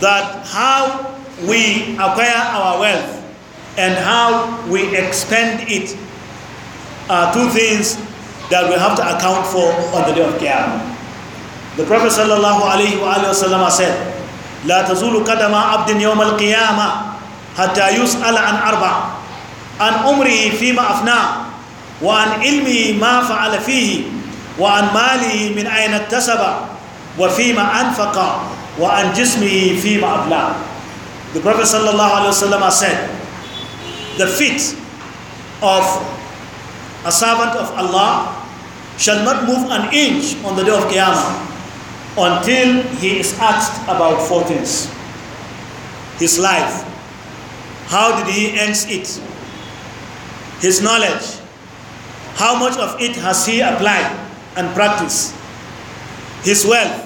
Speaker 1: that how we acquire our wealth and how we expend it are two things that we have to account for on the day of Qiyamah. The Prophet sallallahu wa wasallam said, "La al an arba' an umrihi fima afna wa an ilmihi ma fihi wa an malihi min ayna وَأَنْ jismi fi أَبْلَى The Prophet ﷺ said, the feet of a servant of Allah shall not move an inch on the day of Qiyamah until he is asked about four things. His life, how did he end it? His knowledge, how much of it has he applied and practiced? His wealth,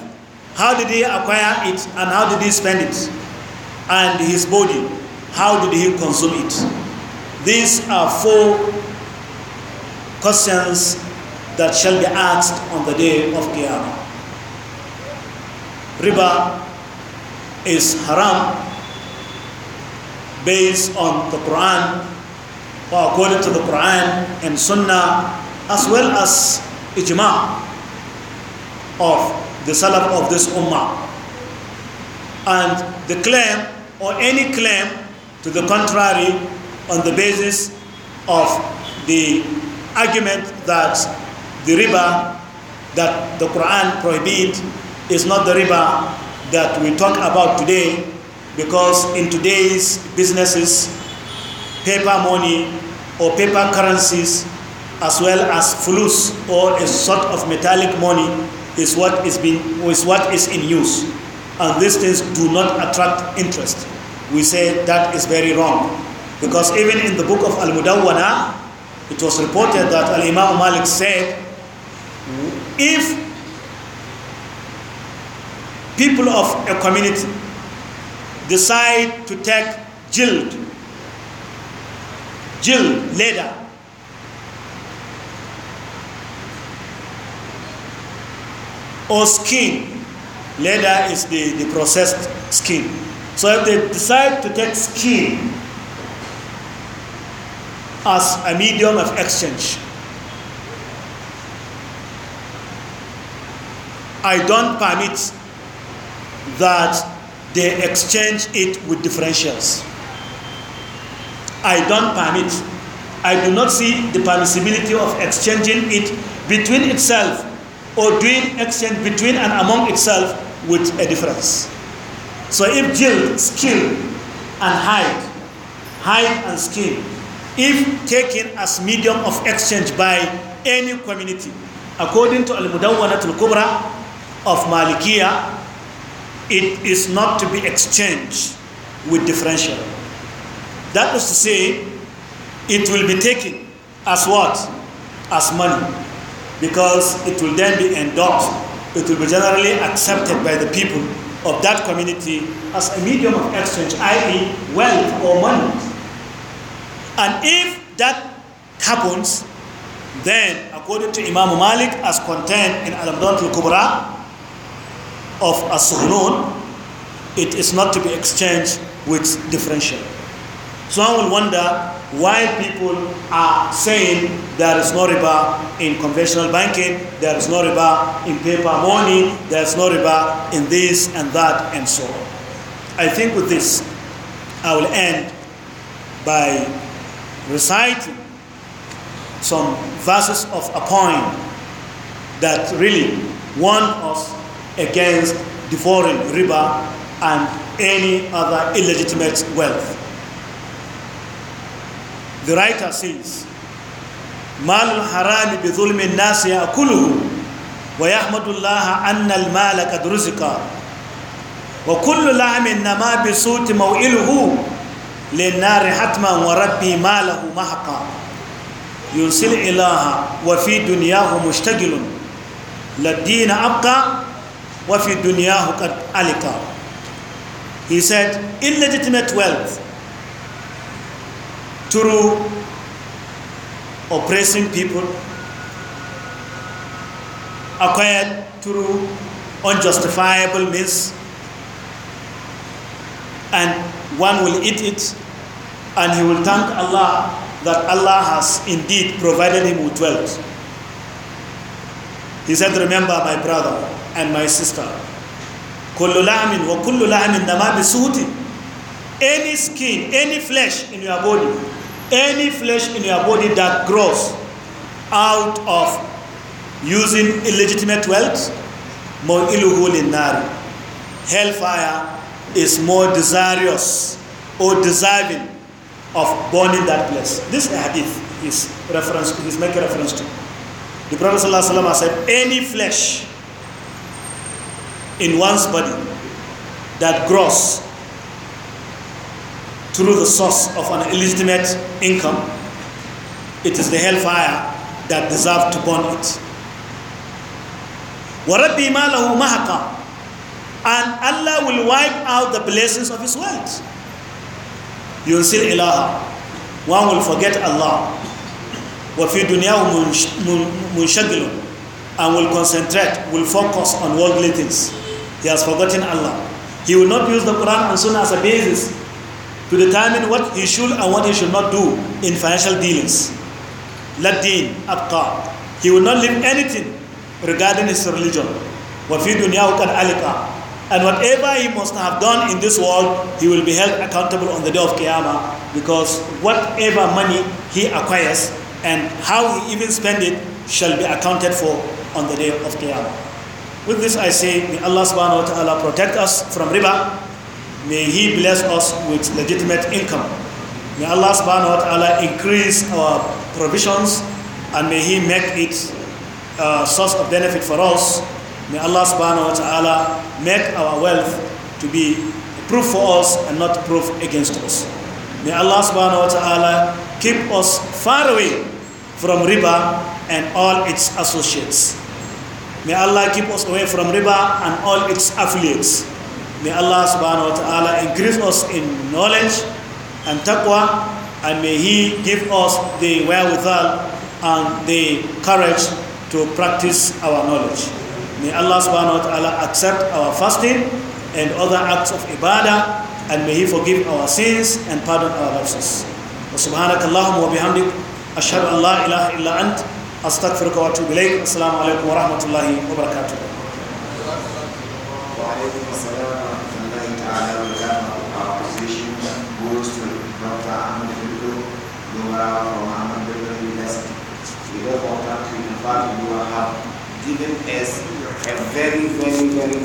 Speaker 1: how did he acquire it and how did he spend it? And his body, how did he consume it? These are four questions that shall be asked on the day of Qiyamah. Riba is haram based on the Quran or according to the Quran and Sunnah as well as ijma of the Salaf of this Ummah. And the claim or any claim to the contrary on the basis of the argument that the riba that the Quran prohibits is not the riba that we talk about today because in today's businesses, paper money or paper currencies as well as fulus or a sort of metallic money is what is being is what is in use and these things do not attract interest we say that is very wrong because even in the book of al-mudawwana it was reported that al-imam malik said if people of a community decide to take jilt, jilt leather or skin. Leather is the, the processed skin. So if they decide to take skin as a medium of exchange, I don't permit that they exchange it with differentials. I don't permit. I do not see the permissibility of exchanging it between itself or doing exchange between and among itself with a difference. So if guild, skill, and hide, hide and skill, if taken as medium of exchange by any community, according to Al-Mudawwanat al-Kubra of Malikiya, it is not to be exchanged with differential. That is to say, it will be taken as what? As money because it will then be endorsed. It will be generally accepted by the people of that community as a medium of exchange, i.e., wealth or money. And if that happens, then according to Imam Malik, as contained in Al-Amdat al-Kubra of As-Suhnun, it is not to be exchanged with differential. So one will wonder why people are saying there is no riba in conventional banking, there is no riba in paper money, there is no riba in this and that and so on. I think with this, I will end by reciting some verses of a poem that really warn us against devouring riba and any other illegitimate wealth. The writer says, مال الحرام بظلم الناس يأكله ويحمد الله أن المال قد رزق وكل لحم إنما بصوت موئله للنار حتما وربي ماله محقا يرسل الإله وفي دنياه مشتغل للدين أبقى وفي دنياه قد ألقى He said, illegitimate wealth through oppressing people, acquired through unjustifiable means, and one will eat it and he will thank Allah that Allah has indeed provided him with wealth. He said, Remember, my brother and my sister, any skin, any flesh in your body any flesh in your body that grows out of using illegitimate wealth, more Hellfire is more desirous or deserving of burning that place. This hadith is reference is making reference to. The Prophet ﷺ said, any flesh in one's body that grows through the source of an illegitimate income, it is the hellfire that deserves to burn it. And Allah will wipe out the blessings of His You will see ilaha. One will forget Allah. وَفِي And will concentrate, will focus on worldly things. He has forgotten Allah. He will not use the Quran and Sunnah as a basis to determine what he should and what he should not do in financial dealings. Ladin abqa. He will not leave anything regarding his religion. وَفِي دُنْيَاهُ alika, And whatever he must have done in this world, he will be held accountable on the day of Qiyamah because whatever money he acquires and how he even spend it shall be accounted for on the day of Qiyamah. With this I say, may Allah subhanahu wa ta'ala protect us from riba May He bless us with legitimate income. May Allah subhanahu wa ta'ala increase our provisions and may He make it a source of benefit for us. May Allah subhanahu wa ta'ala make our wealth to be proof for us and not proof against us. May Allah subhanahu wa ta'ala keep us far away from riba and all its associates. May Allah keep us away from riba and all its affiliates. May Allah subhanahu wa ta'ala increase us in knowledge and taqwa and may He give us the wherewithal and the courage to practice our knowledge. May Allah subhanahu wa ta'ala accept our fasting and other acts of ibadah and may He forgive our sins and pardon our lapses. وسبحانك اللهم وبحمدك أشهد أن لا إله إلا أنت أستغفرك وأتوب إليك السلام عليكم ورحمة الله وبركاته. وعليكم السلام على return goes to Dr. Ahmed Bello from Ahmed University. We thank you in fact you have given us a very, very, very